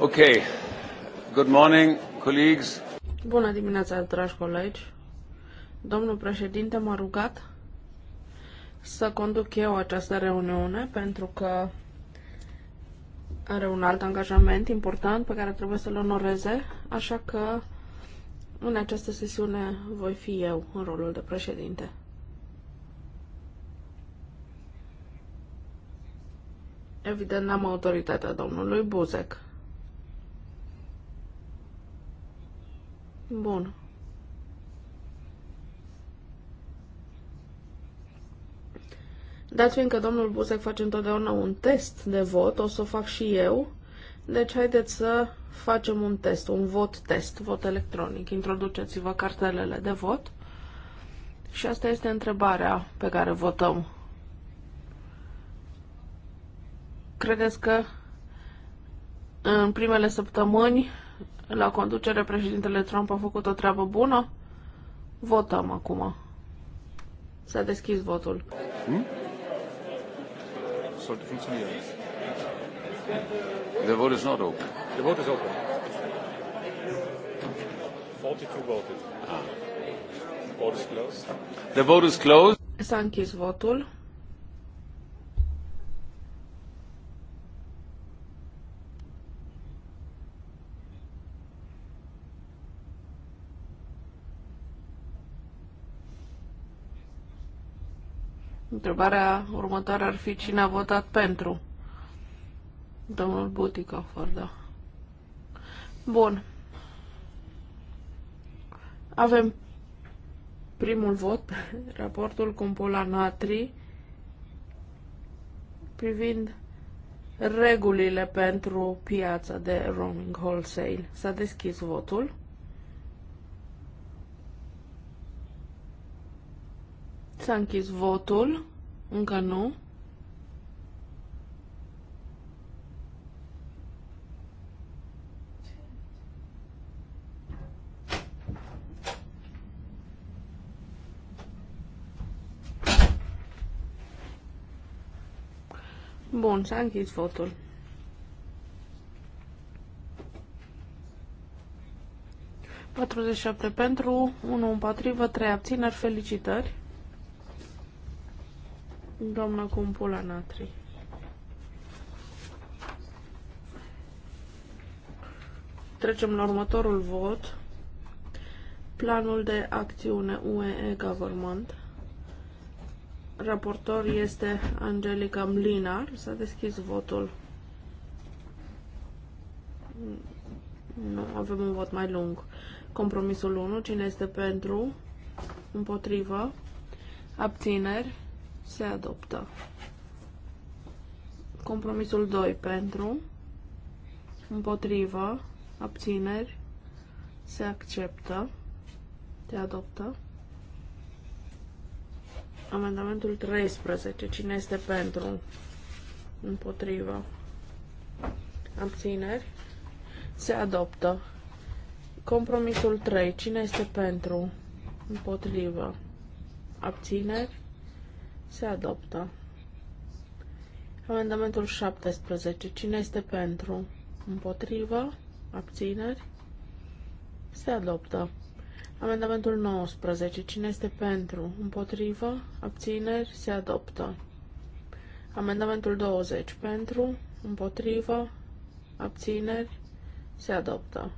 Ok. Good morning, colleagues. Bună dimineața, dragi colegi. Domnul președinte m-a rugat să conduc eu această reuniune pentru că are un alt angajament important pe care trebuie să-l onoreze, așa că în această sesiune voi fi eu în rolul de președinte. Evident, n-am autoritatea domnului Buzek. Bun. Dați fiindcă domnul Buzek face întotdeauna un test de vot, o să o fac și eu. Deci haideți să facem un test, un vot test, vot electronic. Introduceți-vă cartelele de vot. Și asta este întrebarea pe care votăm. Credeți că în primele săptămâni la conducere, președintele Trump a făcut o treabă bună? Votăm acum. S-a deschis votul. Hmm? The vote is not open. The vote is open. 42 voted. Ah. The vote is closed. The vote is closed. S-a închis votul. Întrebarea următoare ar fi cine a votat pentru. Domnul Buticofer, da. Bun. Avem primul vot, raportul cu Natri, privind regulile pentru piața de roaming wholesale. S-a deschis votul. S-a închis votul. Încă nu. Bun, s-a închis fotul. Patruzeci pentru, 1 împotrivă, trei abțineri, felicitări. Doamna Cumpula Natri. Trecem la următorul vot. Planul de acțiune UE Government. Raportor este Angelica Mlinar. S-a deschis votul. Nu, avem un vot mai lung. Compromisul 1. Cine este pentru? Împotrivă? Abțineri? Se adoptă. Compromisul 2 pentru, împotrivă, abțineri, se acceptă, se adoptă. Amendamentul 13. Cine este pentru? Împotrivă. Abțineri. Se adoptă. Compromisul 3. Cine este pentru? Împotrivă. Abțineri. Se adoptă. Amendamentul 17. Cine este pentru? Împotrivă? Abțineri? Se adoptă. Amendamentul 19. Cine este pentru? Împotrivă? Abțineri? Se adoptă. Amendamentul 20. Pentru? Împotrivă? Abțineri? Se adoptă.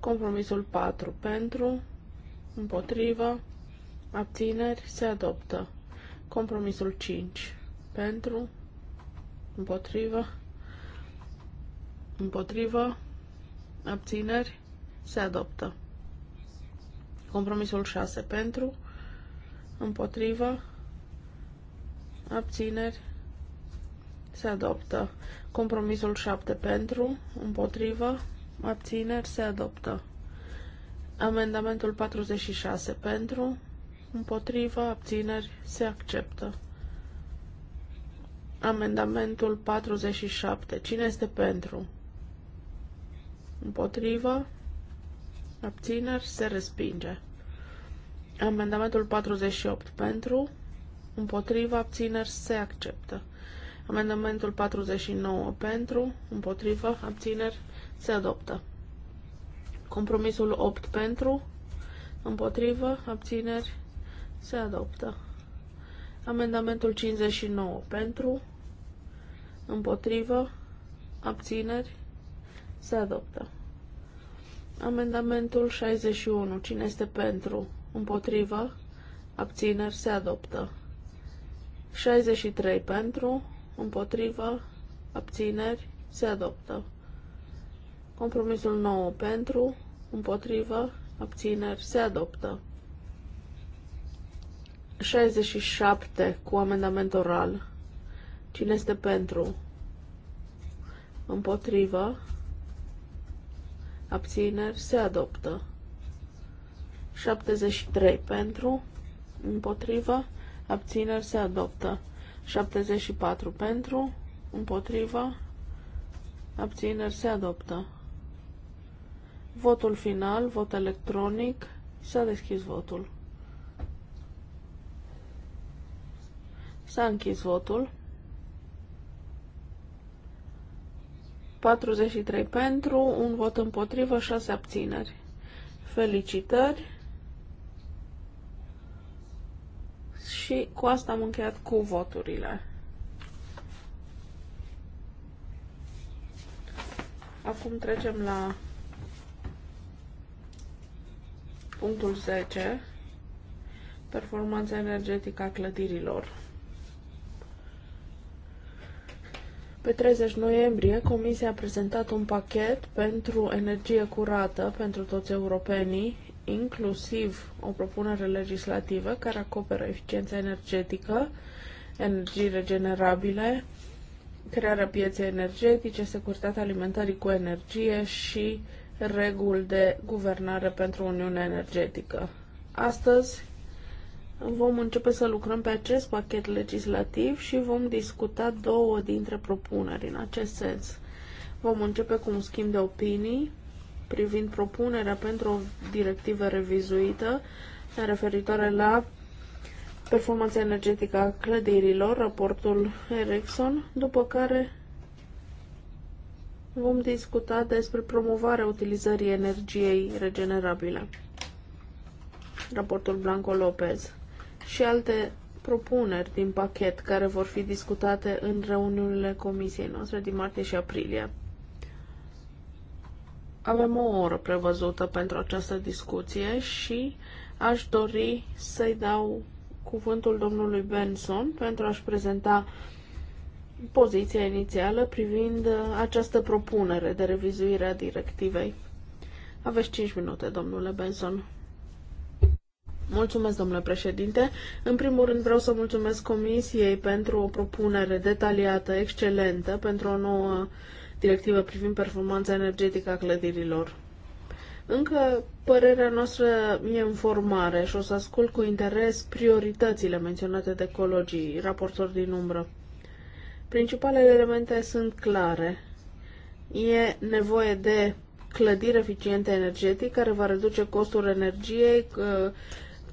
Compromisul 4. Pentru? Împotrivă? abțineri, se adoptă. Compromisul 5 pentru, împotrivă, împotrivă, abțineri, se adoptă. Compromisul 6 pentru, împotrivă, abțineri, se adoptă. Compromisul 7 pentru, împotrivă, abțineri, se adoptă. Amendamentul 46 pentru, Împotriva abțineri, se acceptă. Amendamentul 47. Cine este pentru? Împotriva abțineri, se respinge. Amendamentul 48. Pentru, Împotriva abțineri, se acceptă. Amendamentul 49 pentru, Împotriva abțineri, se adoptă. Compromisul 8 pentru, împotrivă, abțineri, se adoptă. Amendamentul 59 pentru, împotrivă, abțineri, se adoptă. Amendamentul 61. Cine este pentru, împotrivă, abțineri, se adoptă. 63 pentru, împotrivă, abțineri, se adoptă. Compromisul 9 pentru, împotrivă, abțineri, se adoptă. 67 cu amendament oral. Cine este pentru? Împotrivă. Abțineri. Se adoptă. 73 pentru. Împotrivă. Abțineri. Se adoptă. 74 pentru. Împotrivă. Abțineri. Se adoptă. Votul final, vot electronic. S-a deschis votul. S-a închis votul. 43 pentru, un vot împotrivă, 6 abțineri. Felicitări! Și cu asta am încheiat cu voturile. Acum trecem la punctul 10, performanța energetică a clădirilor. Pe 30 noiembrie, Comisia a prezentat un pachet pentru energie curată pentru toți europenii, inclusiv o propunere legislativă care acoperă eficiența energetică, energii regenerabile, crearea pieței energetice, securitatea alimentării cu energie și reguli de guvernare pentru Uniunea Energetică. Astăzi Vom începe să lucrăm pe acest pachet legislativ și vom discuta două dintre propuneri în acest sens. Vom începe cu un schimb de opinii privind propunerea pentru o directivă revizuită referitoare la performanța energetică a clădirilor, raportul Ericsson, după care vom discuta despre promovarea utilizării energiei regenerabile, raportul Blanco Lopez și alte propuneri din pachet care vor fi discutate în reuniunile comisiei noastre din martie și aprilie. Avem o oră prevăzută pentru această discuție și aș dori să-i dau cuvântul domnului Benson pentru a-și prezenta poziția inițială privind această propunere de revizuire a directivei. Aveți 5 minute, domnule Benson. Mulțumesc, domnule președinte. În primul rând vreau să mulțumesc Comisiei pentru o propunere detaliată, excelentă, pentru o nouă directivă privind performanța energetică a clădirilor. Încă părerea noastră e în formare și o să ascult cu interes prioritățile menționate de ecologii, raportor din umbră. Principalele elemente sunt clare. E nevoie de clădiri eficiente energetic care va reduce costul energiei,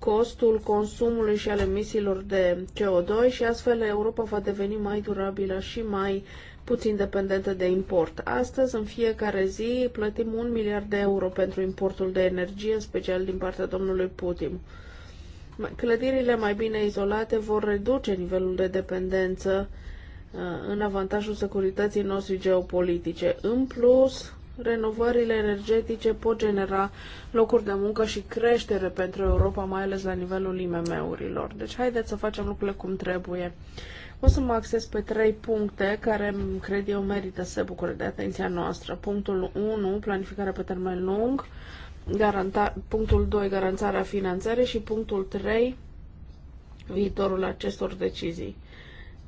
costul consumului și al emisiilor de CO2 și astfel Europa va deveni mai durabilă și mai puțin dependentă de import. Astăzi, în fiecare zi, plătim un miliard de euro pentru importul de energie, special din partea domnului Putin. Clădirile mai bine izolate vor reduce nivelul de dependență uh, în avantajul securității noastre geopolitice. În plus, renovările energetice pot genera locuri de muncă și creștere pentru Europa, mai ales la nivelul IMM-urilor. Deci haideți să facem lucrurile cum trebuie. O să mă acces pe trei puncte care cred eu merită să se bucure de atenția noastră. Punctul 1, planificarea pe termen lung, garanta, punctul 2, garanțarea finanțării și punctul 3, viitorul acestor decizii.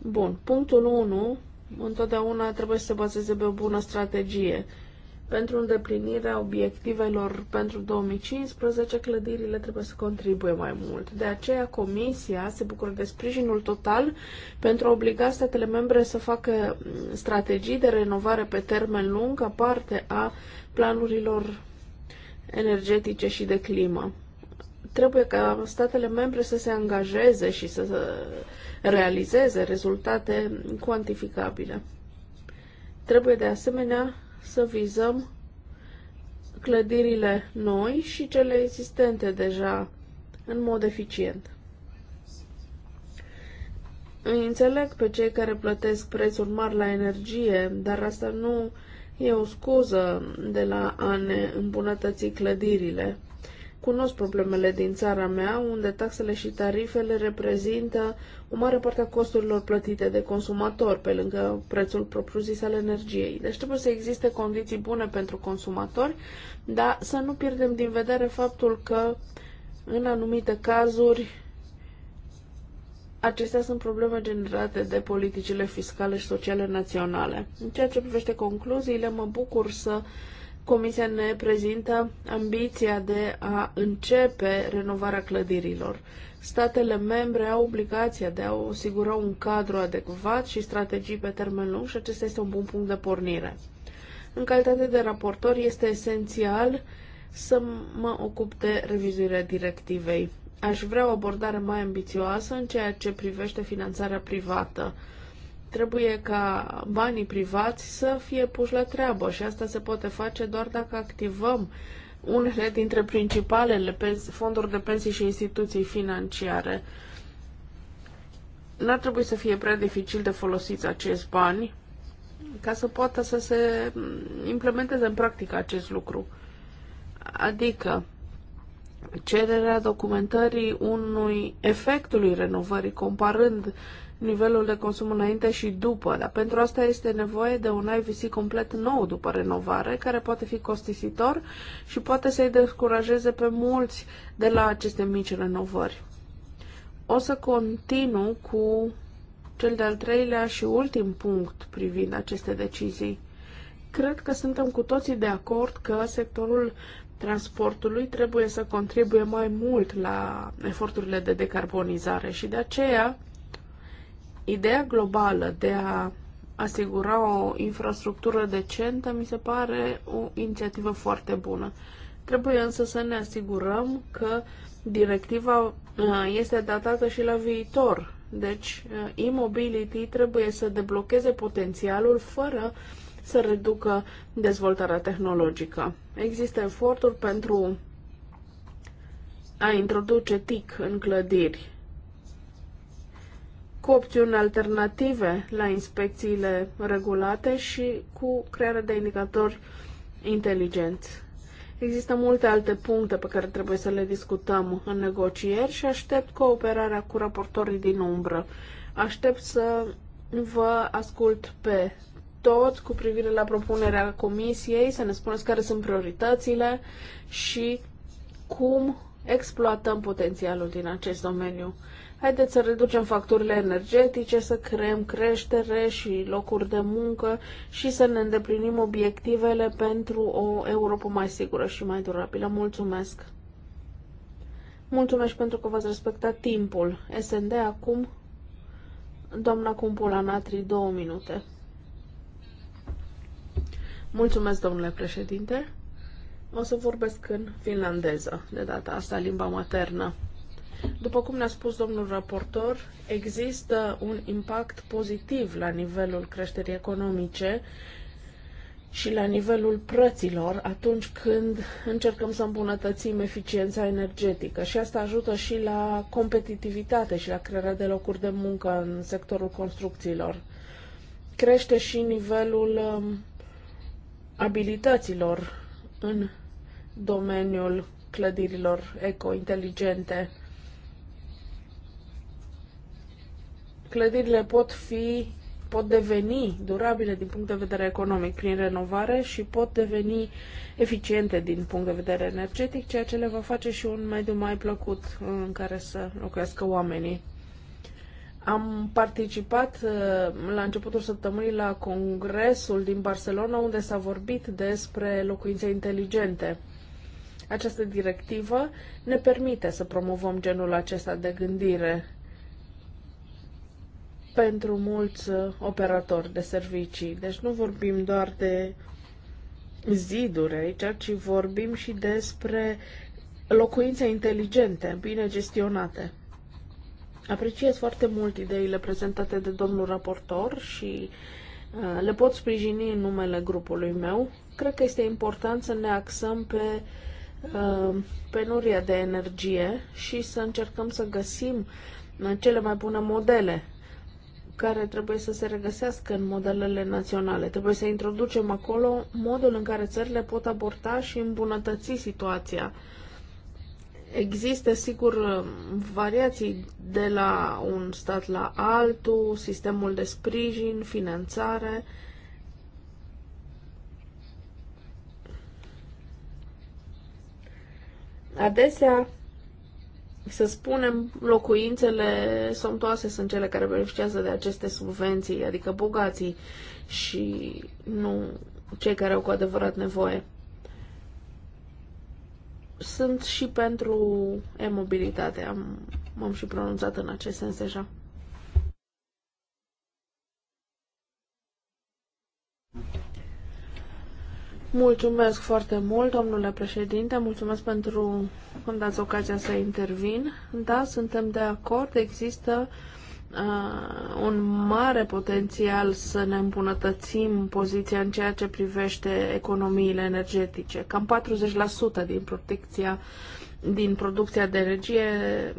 Bun, punctul 1, întotdeauna trebuie să se bazeze pe o bună strategie. Pentru îndeplinirea obiectivelor pentru 2015, clădirile trebuie să contribuie mai mult. De aceea, Comisia se bucură de sprijinul total pentru a obliga statele membre să facă mm, strategii de renovare pe termen lung ca parte a planurilor energetice și de climă. Trebuie ca statele membre să se angajeze și să realizeze rezultate cuantificabile. Trebuie de asemenea să vizăm clădirile noi și cele existente deja în mod eficient. Îi înțeleg pe cei care plătesc prețuri mari la energie, dar asta nu e o scuză de la a ne îmbunătăți clădirile Cunosc problemele din țara mea, unde taxele și tarifele reprezintă o mare parte a costurilor plătite de consumator, pe lângă prețul propriu-zis al energiei. Deci trebuie să existe condiții bune pentru consumatori, dar să nu pierdem din vedere faptul că, în anumite cazuri, acestea sunt probleme generate de politicile fiscale și sociale naționale. În ceea ce privește concluziile, mă bucur să Comisia ne prezintă ambiția de a începe renovarea clădirilor. Statele membre au obligația de a asigura un cadru adecvat și strategii pe termen lung și acesta este un bun punct de pornire. În calitate de raportor este esențial să mă ocup de revizuirea directivei. Aș vrea o abordare mai ambițioasă în ceea ce privește finanțarea privată Trebuie ca banii privați să fie puși la treabă și asta se poate face doar dacă activăm unele dintre principalele fonduri de pensii și instituții financiare. N-ar trebui să fie prea dificil de folosit acești bani ca să poată să se mm, implementeze în practică acest lucru. Adică, cererea documentării unui efectului renovării, comparând nivelul de consum înainte și după, dar pentru asta este nevoie de un IVC complet nou după renovare, care poate fi costisitor și poate să-i descurajeze pe mulți de la aceste mici renovări. O să continu cu cel de-al treilea și ultim punct privind aceste decizii. Cred că suntem cu toții de acord că sectorul transportului trebuie să contribuie mai mult la eforturile de decarbonizare și de aceea Ideea globală de a asigura o infrastructură decentă mi se pare o inițiativă foarte bună. Trebuie însă să ne asigurăm că directiva uh, este datată și la viitor. Deci, uh, e-mobility trebuie să deblocheze potențialul fără să reducă dezvoltarea tehnologică. Există eforturi pentru a introduce TIC în clădiri cu opțiuni alternative la inspecțiile regulate și cu crearea de indicatori inteligenți. Există multe alte puncte pe care trebuie să le discutăm în negocieri și aștept cooperarea cu raportorii din umbră. Aștept să vă ascult pe toți cu privire la propunerea comisiei, să ne spuneți care sunt prioritățile și cum exploatăm potențialul din acest domeniu. Haideți să reducem facturile energetice, să creăm creștere și locuri de muncă și să ne îndeplinim obiectivele pentru o Europa mai sigură și mai durabilă. Mulțumesc! Mulțumesc pentru că v-ați respectat timpul. SND acum, doamna Cumpula Natri, două minute. Mulțumesc, domnule președinte. O să vorbesc în finlandeză, de data asta, limba maternă. După cum ne-a spus domnul raportor, există un impact pozitiv la nivelul creșterii economice și la nivelul prăților atunci când încercăm să îmbunătățim eficiența energetică. Și asta ajută și la competitivitate și la crearea de locuri de muncă în sectorul construcțiilor. Crește și nivelul um, abilităților în domeniul clădirilor eco-inteligente Clădirile pot fi pot deveni durabile din punct de vedere economic prin renovare și pot deveni eficiente din punct de vedere energetic, ceea ce le va face și un mediu mai plăcut în care să locuiască oamenii. Am participat uh, la începutul săptămânii la congresul din Barcelona unde s-a vorbit despre locuințe inteligente. Această directivă ne permite să promovăm genul acesta de gândire pentru mulți uh, operatori de servicii. Deci nu vorbim doar de ziduri aici, ci vorbim și despre locuințe inteligente, bine gestionate. Apreciez foarte mult ideile prezentate de domnul raportor și uh, le pot sprijini în numele grupului meu. Cred că este important să ne axăm pe uh, penuria de energie și să încercăm să găsim cele mai bune modele care trebuie să se regăsească în modelele naționale. Trebuie să introducem acolo modul în care țările pot aborda și îmbunătăți situația. Există, sigur, variații de la un stat la altul, sistemul de sprijin, finanțare. Adesea, să spunem, locuințele somtoase sunt cele care beneficiază de aceste subvenții, adică bogații și nu cei care au cu adevărat nevoie. Sunt și pentru e-mobilitate, m-am și pronunțat în acest sens deja. Mulțumesc foarte mult, domnule președinte, mulțumesc pentru că dați ocazia să intervin. Da, suntem de acord, există uh, un mare potențial să ne îmbunătățim poziția în ceea ce privește economiile energetice. Cam 40% din protecția din producția de energie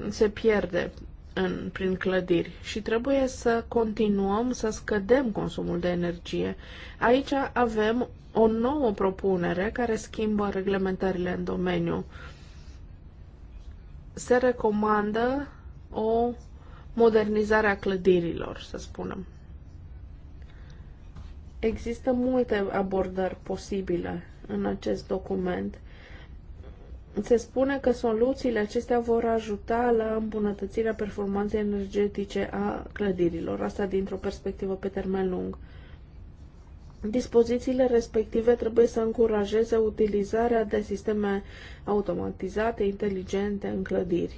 se pierde în, prin clădiri și trebuie să continuăm să scădem consumul de energie. Aici avem o nouă propunere care schimbă reglementările în domeniu. Se recomandă o modernizare a clădirilor, să spunem. Există multe abordări posibile în acest document. Se spune că soluțiile acestea vor ajuta la îmbunătățirea performanței energetice a clădirilor, asta dintr-o perspectivă pe termen lung. Dispozițiile respective trebuie să încurajeze utilizarea de sisteme automatizate, inteligente în clădiri.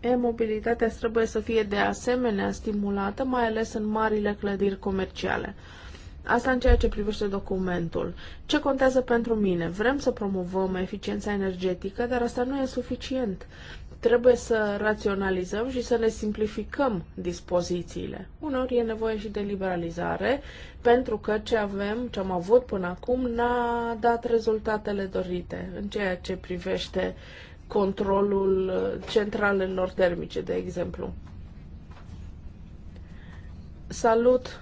E-mobilitatea trebuie să fie de asemenea stimulată, mai ales în marile clădiri comerciale. Asta în ceea ce privește documentul. Ce contează pentru mine? Vrem să promovăm eficiența energetică, dar asta nu e suficient. Trebuie să raționalizăm și să ne simplificăm dispozițiile. Uneori e nevoie și de liberalizare, pentru că ce avem, ce am avut până acum, n-a dat rezultatele dorite în ceea ce privește controlul centralelor termice, de exemplu. Salut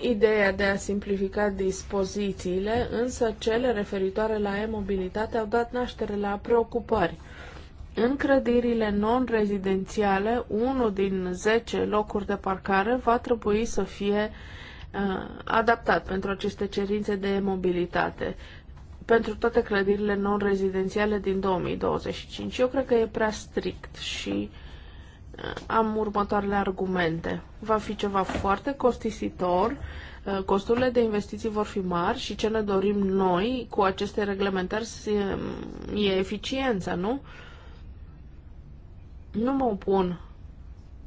ideea de a simplifica dispozițiile, însă cele referitoare la e-mobilitate au dat naștere la preocupări în clădirile non-rezidențiale, unul din 10 locuri de parcare va trebui să fie uh, adaptat pentru aceste cerințe de mobilitate pentru toate clădirile non-rezidențiale din 2025. Eu cred că e prea strict și uh, am următoarele argumente. Va fi ceva foarte costisitor, uh, costurile de investiții vor fi mari și ce ne dorim noi cu aceste reglementări um, e eficiența, nu? Uh, nu mă opun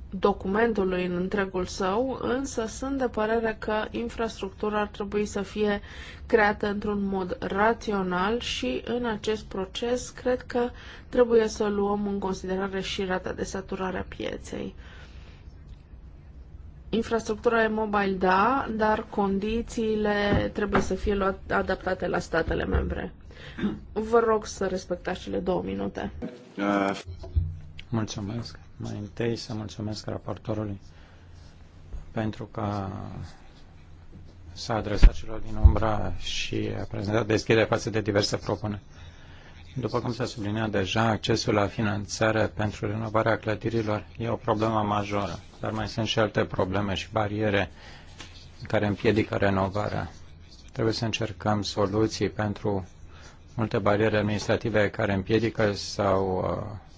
documentului în întregul său, însă sunt de părere că infrastructura ar trebui să fie creată într-un mod rațional și în acest proces cred că trebuie să luăm în considerare și rata de saturare a pieței. Infrastructura e mobile, da, dar condițiile trebuie să fie luat, adaptate la statele membre. Vă rog să respectați cele două minute. Uh. Mulțumesc. Mai întâi să mulțumesc raportorului pentru că s-a adresat celor din umbra și a prezentat deschidere față de diverse propuneri. După cum s-a subliniat deja, accesul la finanțare pentru renovarea clădirilor e o problemă majoră, dar mai sunt și alte probleme și bariere care împiedică renovarea. Trebuie să încercăm soluții pentru multe bariere administrative care împiedică sau uh,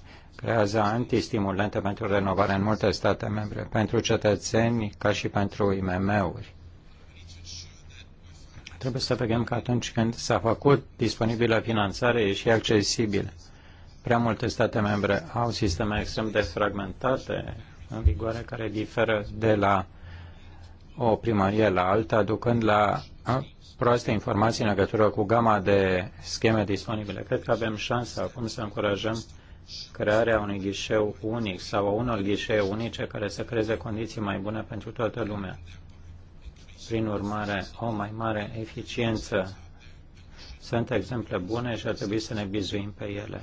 creează antistimulente pentru renovare în multe state membre, pentru cetățeni ca și pentru IMM-uri. Trebuie să vedem că atunci când s-a făcut disponibilă finanțare, e și accesibil. Prea multe state membre au sisteme extrem de fragmentate în vigoare care diferă de la o primărie la alta, aducând la proaste informații în legătură cu gama de scheme disponibile. Cred că avem șansa acum să încurajăm crearea unui ghișeu unic sau a unor ghișee unice care să creeze condiții mai bune pentru toată lumea. Prin urmare, o mai mare eficiență. Sunt exemple bune și ar trebui să ne bizuim pe ele.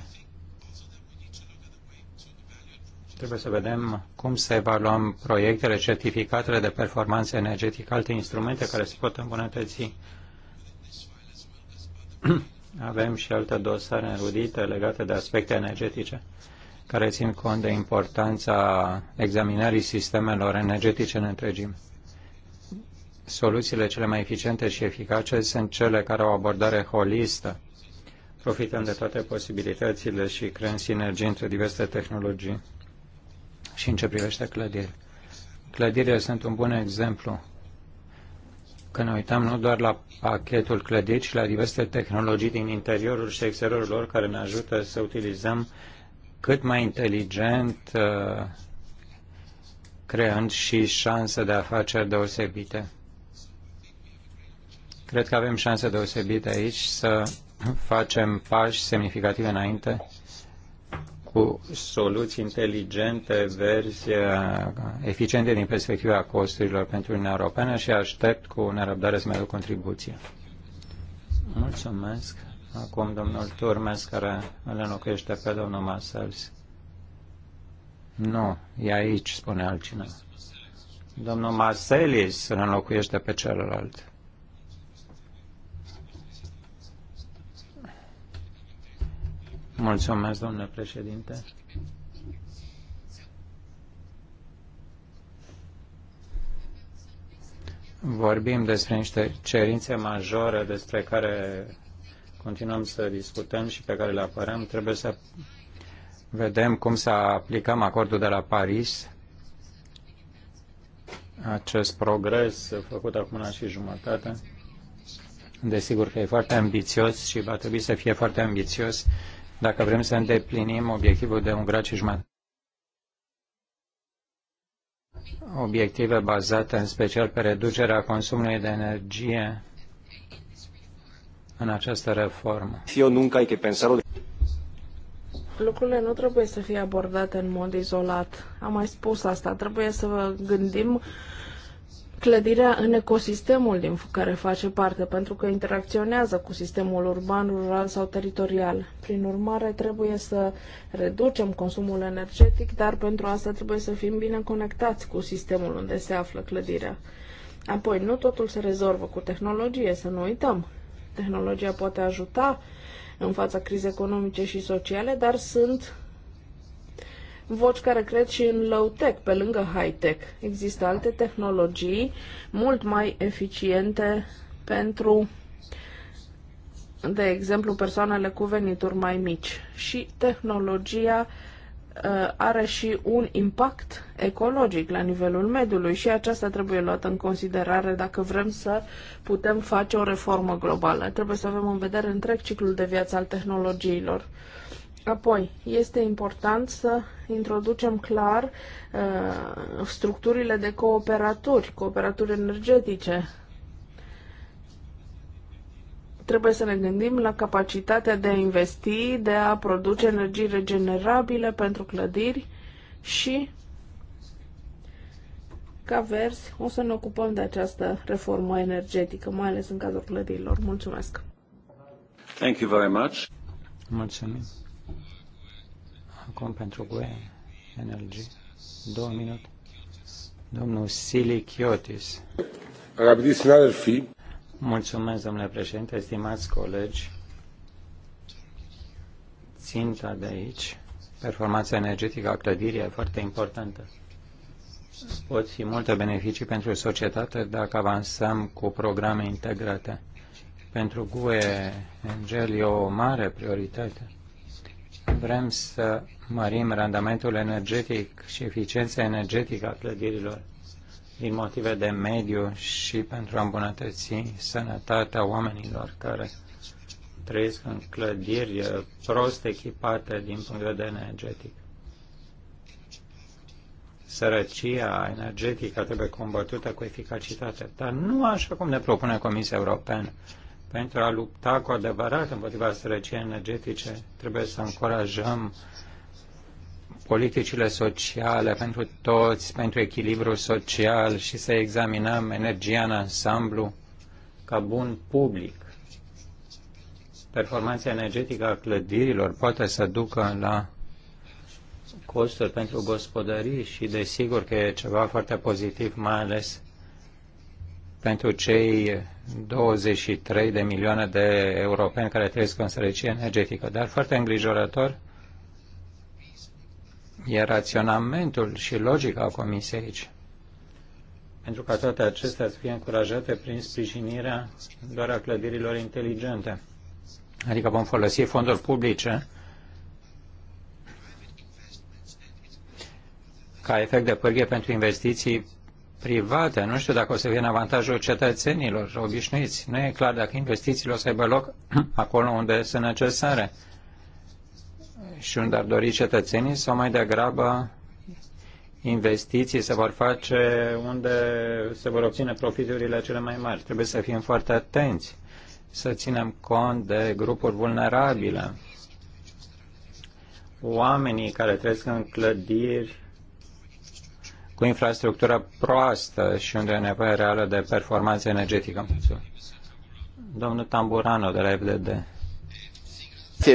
Trebuie să vedem cum să evaluăm proiectele, certificatele de performanță energetică, alte instrumente care se pot îmbunătăți Avem și alte dosare înrudite legate de aspecte energetice care țin cont de importanța examinării sistemelor energetice în întregime. Soluțiile cele mai eficiente și eficace sunt cele care au o abordare holistă. Profităm de toate posibilitățile și creăm sinergii între diverse tehnologii. Și în ce privește clădiri. Clădirile sunt un bun exemplu că ne uităm nu doar la pachetul clădit, ci la diverse tehnologii din interiorul și exteriorul lor care ne ajută să utilizăm cât mai inteligent, uh, creând și șanse de afaceri deosebite. Cred că avem șanse deosebite aici să facem pași semnificative înainte cu soluții inteligente, verzi, eficiente din perspectiva costurilor pentru Uniunea Europeană și aștept cu nerăbdare să mai aduc contribuție. Mulțumesc. Acum domnul Turmes, care îl înlocuiește pe domnul Masels. Nu, e aici, spune altcineva. Domnul Marcelis îl înlocuiește pe celălalt. Mulțumesc, domnule președinte. Vorbim despre niște cerințe majore despre care continuăm să discutăm și pe care le apărăm. Trebuie să vedem cum să aplicăm acordul de la Paris, acest progres făcut acum una și jumătate. Desigur că e foarte ambițios și va trebui să fie foarte ambițios dacă vrem să îndeplinim obiectivul de un grad și jumătate. Obiective bazate în special pe reducerea consumului de energie în această reformă. Eu nunca ai că pensarul lucrurile nu trebuie să fie abordate în mod izolat. Am mai spus asta, trebuie să gândim clădirea în ecosistemul din care face parte, pentru că interacționează cu sistemul urban, rural sau teritorial. Prin urmare, trebuie să reducem consumul energetic, dar pentru asta trebuie să fim bine conectați cu sistemul unde se află clădirea. Apoi, nu totul se rezolvă cu tehnologie, să nu uităm. Tehnologia poate ajuta în fața crizei economice și sociale, dar sunt voci care cred și în low-tech, pe lângă high-tech. Există alte tehnologii mult mai eficiente pentru, de exemplu, persoanele cu venituri mai mici. Și tehnologia uh, are și un impact ecologic la nivelul mediului și aceasta trebuie luată în considerare dacă vrem să putem face o reformă globală. Trebuie să avem în vedere întreg ciclul de viață al tehnologiilor. Apoi, este important să introducem clar uh, structurile de cooperaturi, cooperaturi energetice. Trebuie să ne gândim la capacitatea de a investi, de a produce energii regenerabile pentru clădiri și ca vers o să ne ocupăm de această reformă energetică, mai ales în cazul clădirilor. Mulțumesc! Thank you very much. Mulțumesc. Acum pentru GUE, Energy, două minute. Domnul Sili Chiotis. Αγαπητοί fi Mulțumesc, domnule președinte, estimați colegi. Ținta de aici, performanța energetică a clădirii e foarte importantă. Pot fi multe beneficii pentru societate dacă avansăm cu programe integrate. Pentru GUE, Angel, e o mare prioritate Vrem să mărim randamentul energetic și eficiența energetică a clădirilor din motive de mediu și pentru a îmbunătăți sănătatea oamenilor care trăiesc în clădiri prost echipate din punct de vedere energetic. Sărăcia energetică trebuie combătută cu eficacitate, dar nu așa cum ne propune Comisia Europeană pentru a lupta cu adevărat împotriva sărăciei energetice, trebuie să încurajăm politicile sociale pentru toți, pentru echilibru social și să examinăm energia în ansamblu ca bun public. Performanța energetică a clădirilor poate să ducă la costuri pentru gospodării și desigur că e ceva foarte pozitiv, mai ales pentru cei 23 de milioane de europeni care trăiesc în sărăcie energetică. Dar foarte îngrijorător e raționamentul și logica Comisiei aici. Pentru ca toate acestea să fie încurajate prin sprijinirea doar a clădirilor inteligente. Adică vom folosi fonduri publice ca efect de pârghie pentru investiții private. Nu știu dacă o să fie în avantajul cetățenilor obișnuiți. Nu e clar dacă investițiile o să aibă loc acolo unde sunt necesare și unde ar dori cetățenii sau mai degrabă investiții se vor face unde se vor obține profiturile cele mai mari. Trebuie să fim foarte atenți, să ținem cont de grupuri vulnerabile. Oamenii care trăiesc în clădiri cu infrastructură proastă și unde e nevoie reală de performanță energetică. Domnul Tamburano de la FDD.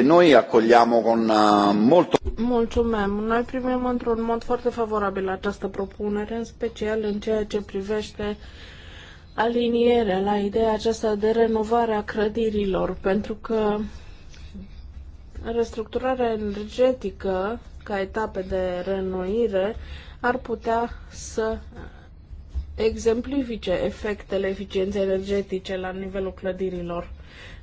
Noi accogliamo con uh, molto... Mulțumim. Noi primim într-un mod foarte favorabil această propunere, în special în ceea ce privește alinierea la ideea aceasta de renovare a clădirilor, pentru că restructurarea energetică ca etape de renoire ar putea să exemplifice efectele eficienței energetice la nivelul clădirilor.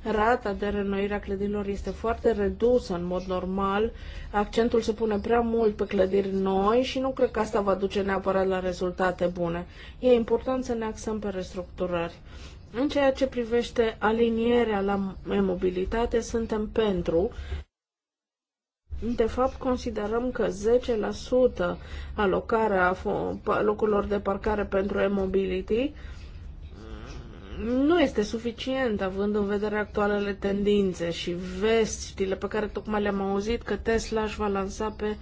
Rata de renoire a clădirilor este foarte redusă în mod normal, accentul se pune prea mult pe clădiri noi și nu cred că asta va duce neapărat la rezultate bune. E important să ne axăm pe restructurări. În ceea ce privește alinierea la mobilitate, suntem pentru de fapt, considerăm că 10% alocarea locurilor de parcare pentru e-mobility nu este suficient, având în vedere actualele tendințe și vestile pe care tocmai le-am auzit că Tesla își va lansa pe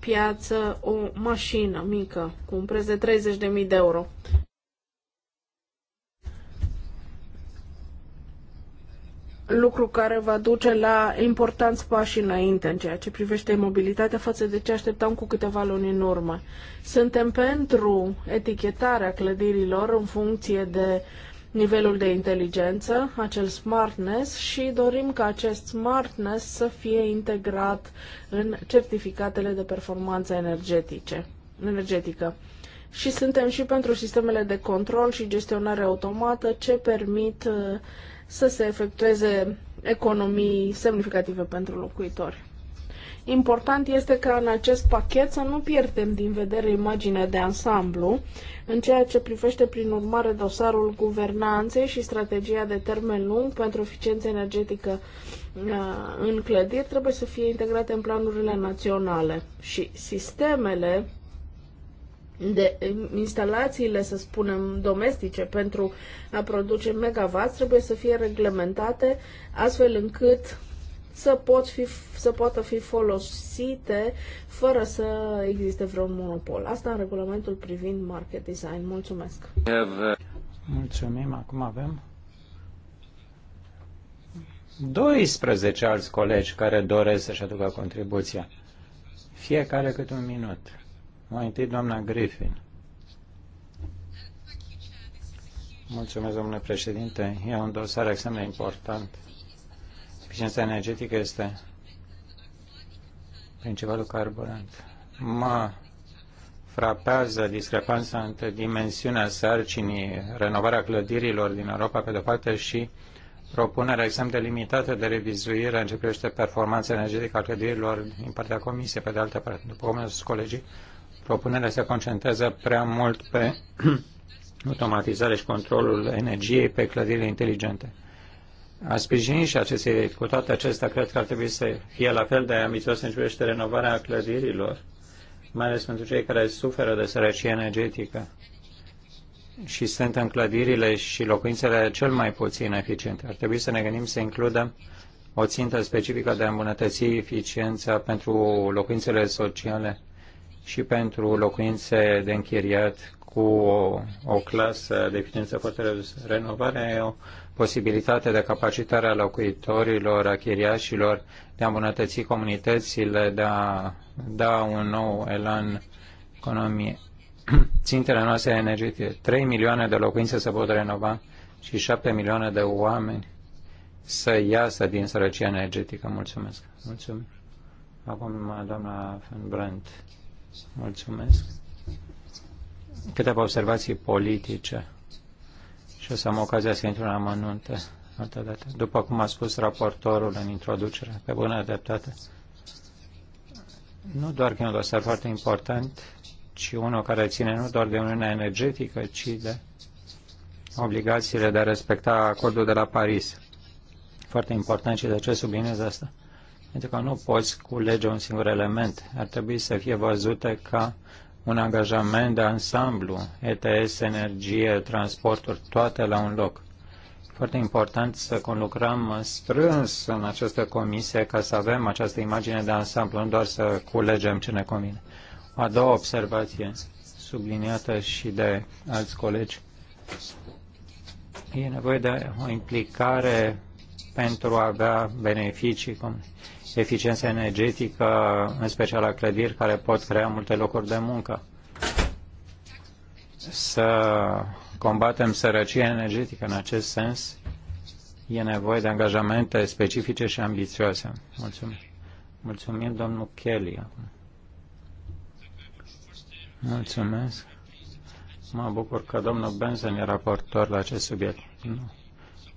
piață o mașină mică cu un preț de 30.000 de euro. lucru care va duce la importanți pași înainte în ceea ce privește mobilitatea față de ce așteptam cu câteva luni în urmă. Suntem pentru etichetarea clădirilor în funcție de nivelul de inteligență, acel smartness și dorim ca acest smartness să fie integrat în certificatele de performanță energetice, energetică. Și suntem și pentru sistemele de control și gestionare automată ce permit uh, să se efectueze economii semnificative pentru locuitori. Important este ca în acest pachet să nu pierdem din vedere imaginea de ansamblu în ceea ce privește prin urmare dosarul guvernanței și strategia de termen lung pentru eficiență energetică uh, în clădiri trebuie să fie integrate în planurile naționale și sistemele de instalațiile, să spunem, domestice pentru a produce megawatt trebuie să fie reglementate astfel încât să, pot fi, să poată fi folosite fără să existe vreun monopol. Asta în regulamentul privind market design. Mulțumesc! Mulțumim! Acum avem 12 alți colegi care doresc să-și aducă contribuția. Fiecare câte un minut. Mai întâi, doamna Griffin. Mulțumesc, domnule președinte. E un dosar extrem de important. Eficiența energetică este principalul carburant. Mă frapează discrepanța între dimensiunea sarcinii, renovarea clădirilor din Europa pe de-o parte și propunerea extrem de limitată de revizuire în ce privește performanța energetică a clădirilor din partea Comisiei pe de altă parte. După cum au colegii, propunerea se concentrează prea mult pe automatizare și controlul energiei pe clădirile inteligente. A sprijini și aceste idei. Cu toate acestea, cred că ar trebui să fie la fel de ambițios în ce renovarea clădirilor, mai ales pentru cei care suferă de sărăcie energetică și sunt în clădirile și locuințele cel mai puțin eficiente. Ar trebui să ne gândim să includem o țintă specifică de a îmbunătăți eficiența pentru locuințele sociale și pentru locuințe de închiriat cu o, o clasă de eficiență foarte redusă. Renovarea e o posibilitate de capacitare a locuitorilor, a chiriașilor, de a îmbunătăți comunitățile, de a da un nou elan economie. Țintele noastre energetice, 3 milioane de locuințe se pot renova și 7 milioane de oameni să iasă din sărăcia energetică. Mulțumesc. Mulțumesc. Acum doamna Van Brandt. Mulțumesc. Câteva observații politice și o să am ocazia să intru în amănunte altă După cum a spus raportorul în introducere, pe bună dreptate, nu doar că e un dosar foarte important, ci unul care ține nu doar de Uniunea Energetică, ci de obligațiile de a respecta acordul de la Paris. Foarte important și de ce subliniez asta? Pentru că nu poți culege un singur element. Ar trebui să fie văzute ca un angajament de ansamblu, ETS, energie, transporturi, toate la un loc. Foarte important să conlucrăm strâns în această comisie ca să avem această imagine de ansamblu, nu doar să culegem ce ne convine. a doua observație, subliniată și de alți colegi, e nevoie de o implicare pentru a avea beneficii comune eficiență energetică, în special la clădiri, care pot crea multe locuri de muncă. Să combatem sărăcia energetică în acest sens, e nevoie de angajamente specifice și ambițioase. Mulțumim. Mulțumim, domnul Kelly. Mulțumesc. Mă bucur că domnul Benzen e raportor la acest subiect. Nu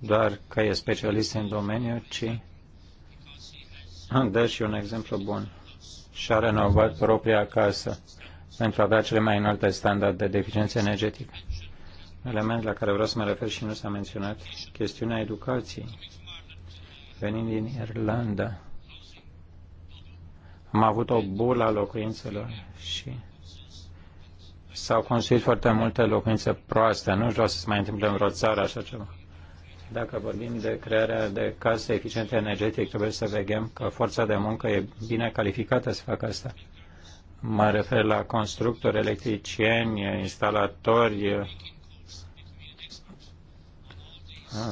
doar că e specialist în domeniu, ci dat și un exemplu bun. Și-a renovat propria casă pentru a avea cele mai înalte standarde de eficiență energetică. Element la care vreau să mă refer și nu s-a menționat, chestiunea educației. Venind din Irlanda, am avut o bulă a locuințelor și s-au construit foarte multe locuințe proaste. Nu vreau să se mai întâmple în vreo țară așa ceva. Dacă vorbim de crearea de case eficiente energetic, trebuie să vedem că forța de muncă e bine calificată să facă asta. Mă refer la constructori, electricieni, instalatori.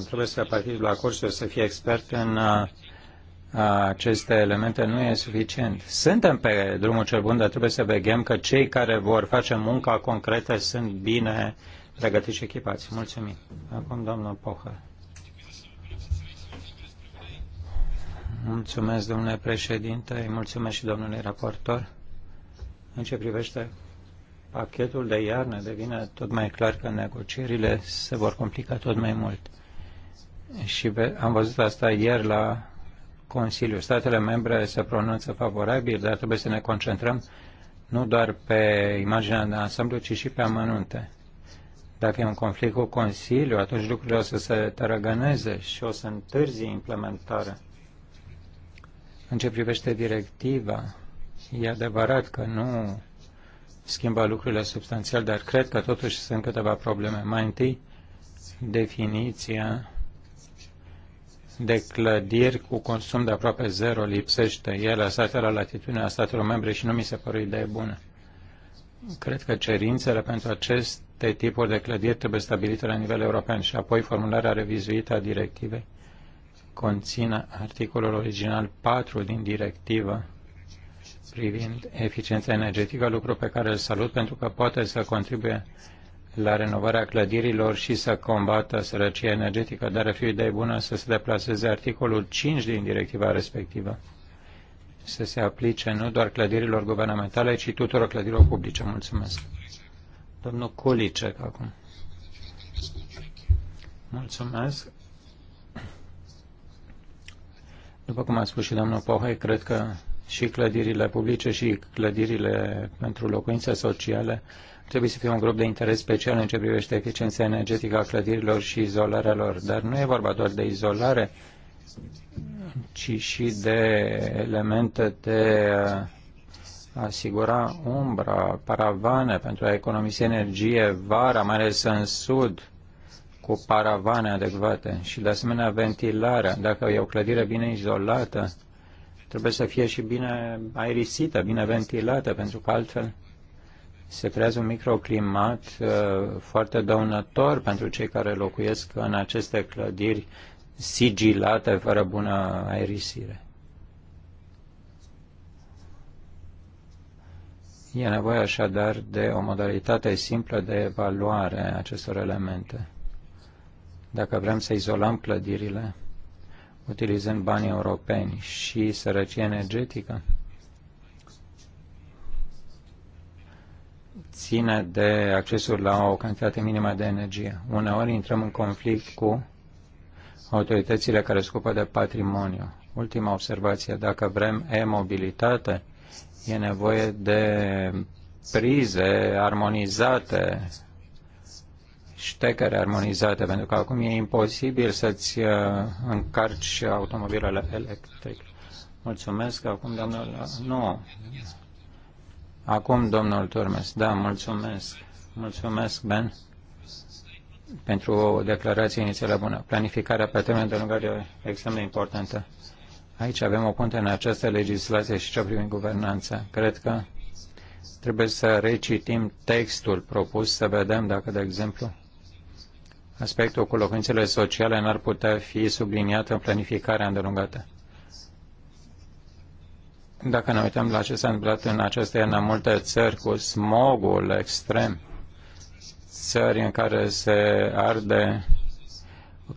Trebuie să participi la cursuri, să fii expert în uh, aceste elemente nu e suficient. Suntem pe drumul cel bun, dar trebuie să vedem că cei care vor face munca concretă sunt bine pregătiți și echipați. Mulțumim. Acum, domnul Pohăr. Mulțumesc, domnule președinte, îi mulțumesc și domnului raportor. În ce privește pachetul de iarnă, devine tot mai clar că negocierile se vor complica tot mai mult. Și am văzut asta ieri la Consiliu. Statele membre se pronunță favorabil, dar trebuie să ne concentrăm nu doar pe imaginea de ansamblu, ci și pe amănunte. Dacă e un conflict cu Consiliu, atunci lucrurile o să se tărăgăneze și o să întârzi implementarea. În ce privește directiva, e adevărat că nu schimbă lucrurile substanțial, dar cred că totuși sunt câteva probleme. Mai întâi, definiția de clădiri cu consum de aproape zero lipsește. E lăsată la latitudinea statelor membre și nu mi se pare o idee bună. Cred că cerințele pentru aceste tipuri de clădiri trebuie stabilite la nivel european și apoi formularea revizuită a directivei conține articolul original 4 din directivă privind eficiența energetică, lucru pe care îl salut pentru că poate să contribuie la renovarea clădirilor și să combată sărăcia energetică, dar ar fi de bună să se deplaseze articolul 5 din directiva respectivă, să se aplice nu doar clădirilor guvernamentale, ci tuturor clădirilor publice. Mulțumesc. Domnul Kulicek acum. Mulțumesc. După cum a spus și domnul Pohai, cred că și clădirile publice și clădirile pentru locuințe sociale trebuie să fie un grup de interes special în ce privește eficiența energetică a clădirilor și izolarea lor. Dar nu e vorba doar de izolare, ci și de elemente de asigura umbra, paravane pentru a economisi energie vara, mai ales în sud, cu paravane adecvate și, de asemenea, ventilarea. Dacă e o clădire bine izolată, trebuie să fie și bine aerisită, bine ventilată, pentru că altfel se creează un microclimat uh, foarte dăunător pentru cei care locuiesc în aceste clădiri sigilate fără bună aerisire. E nevoie așadar de o modalitate simplă de evaluare a acestor elemente. Dacă vrem să izolăm clădirile utilizând banii europeni și sărăcie energetică, ține de accesul la o cantitate minimă de energie. Uneori intrăm în conflict cu autoritățile care scupă de patrimoniu. Ultima observație, dacă vrem e-mobilitate, e nevoie de prize armonizate ștecere armonizate, pentru că acum e imposibil să-ți uh, încarci automobilele electric. Mulțumesc. Acum, domnul... Uh, nu. Acum, domnul Turmes. Da, mulțumesc. Mulțumesc, Ben, pentru o declarație inițială bună. Planificarea pe termen de lungare e extrem de importantă. Aici avem o punte în această legislație și cea privind guvernanța. Cred că trebuie să recitim textul propus, să vedem dacă, de exemplu, Aspectul cu locuințele sociale n-ar putea fi subliniat în planificarea îndelungată. Dacă ne uităm la ce s-a întâmplat în aceste în multe țări cu smogul extrem, țări în care se arde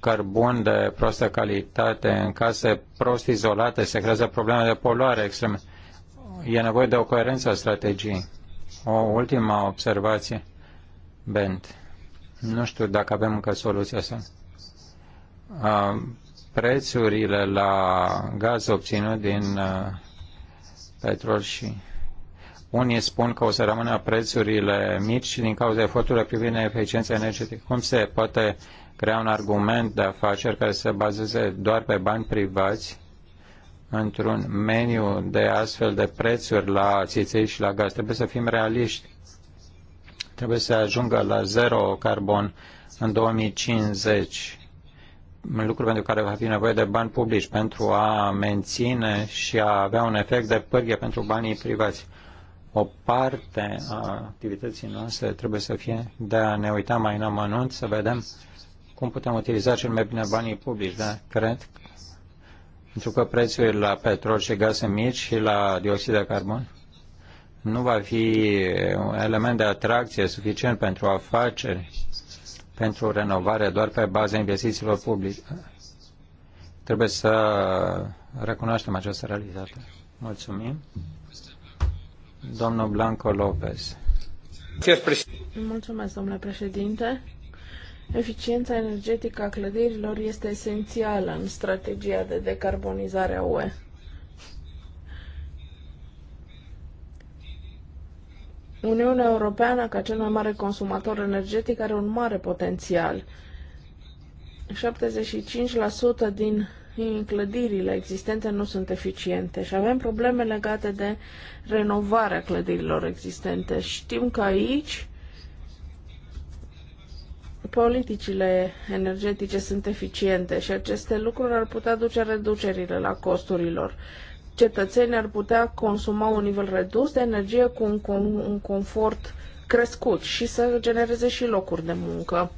cărbun de prostă calitate, în case prost izolate, se creează probleme de poluare extreme. E nevoie de o coerență a strategiei. O ultimă observație. Bent. Nu știu dacă avem încă soluția asta. Prețurile la gaz obținut din petrol și unii spun că o să rămână prețurile mici din cauza eforturilor privind eficiența energetică. Cum se poate crea un argument de afaceri care se bazeze doar pe bani privați într-un meniu de astfel de prețuri la țiței și la gaz? Trebuie să fim realiști trebuie să ajungă la zero carbon în 2050, lucru pentru care va fi nevoie de bani publici pentru a menține și a avea un efect de pârghie pentru banii privați. O parte a activității noastre trebuie să fie de a ne uita mai în amănunt, să vedem cum putem utiliza cel mai bine banii publici, Da, cred pentru că prețurile la petrol și gaze mici și la dioxid de carbon nu va fi un element de atracție suficient pentru afaceri, pentru renovare, doar pe baza investițiilor publice. Trebuie să recunoaștem această realitate. Mulțumim. Domnul Blanco Lopez. Mulțumesc, domnule președinte. Eficiența energetică a clădirilor este esențială în strategia de decarbonizare a UE. Uniunea Europeană, ca cel mai mare consumator energetic, are un mare potențial. 75% din clădirile existente nu sunt eficiente și avem probleme legate de renovarea clădirilor existente. Știm că aici politicile energetice sunt eficiente și aceste lucruri ar putea duce reducerile la costurilor cetățenii ar putea consuma un nivel redus de energie cu un, cu un confort crescut și să genereze și locuri de muncă.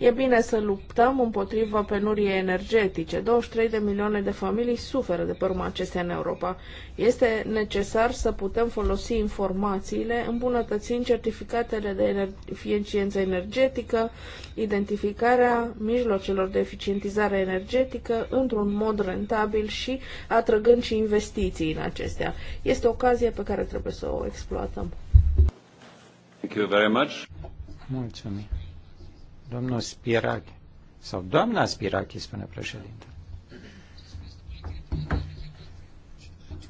E bine să luptăm împotriva penuriei energetice. 23 de milioane de familii suferă de pe urma acestea în Europa. Este necesar să putem folosi informațiile, îmbunătățind certificatele de eficiență energetică, identificarea mijlocelor de eficientizare energetică într-un mod rentabil și atrăgând și investiții în acestea. Este o ocazie pe care trebuie să o exploatăm. Thank you very much. Mulțumim. Domnul Spirachi, sau doamna Spirachi, spune președinte.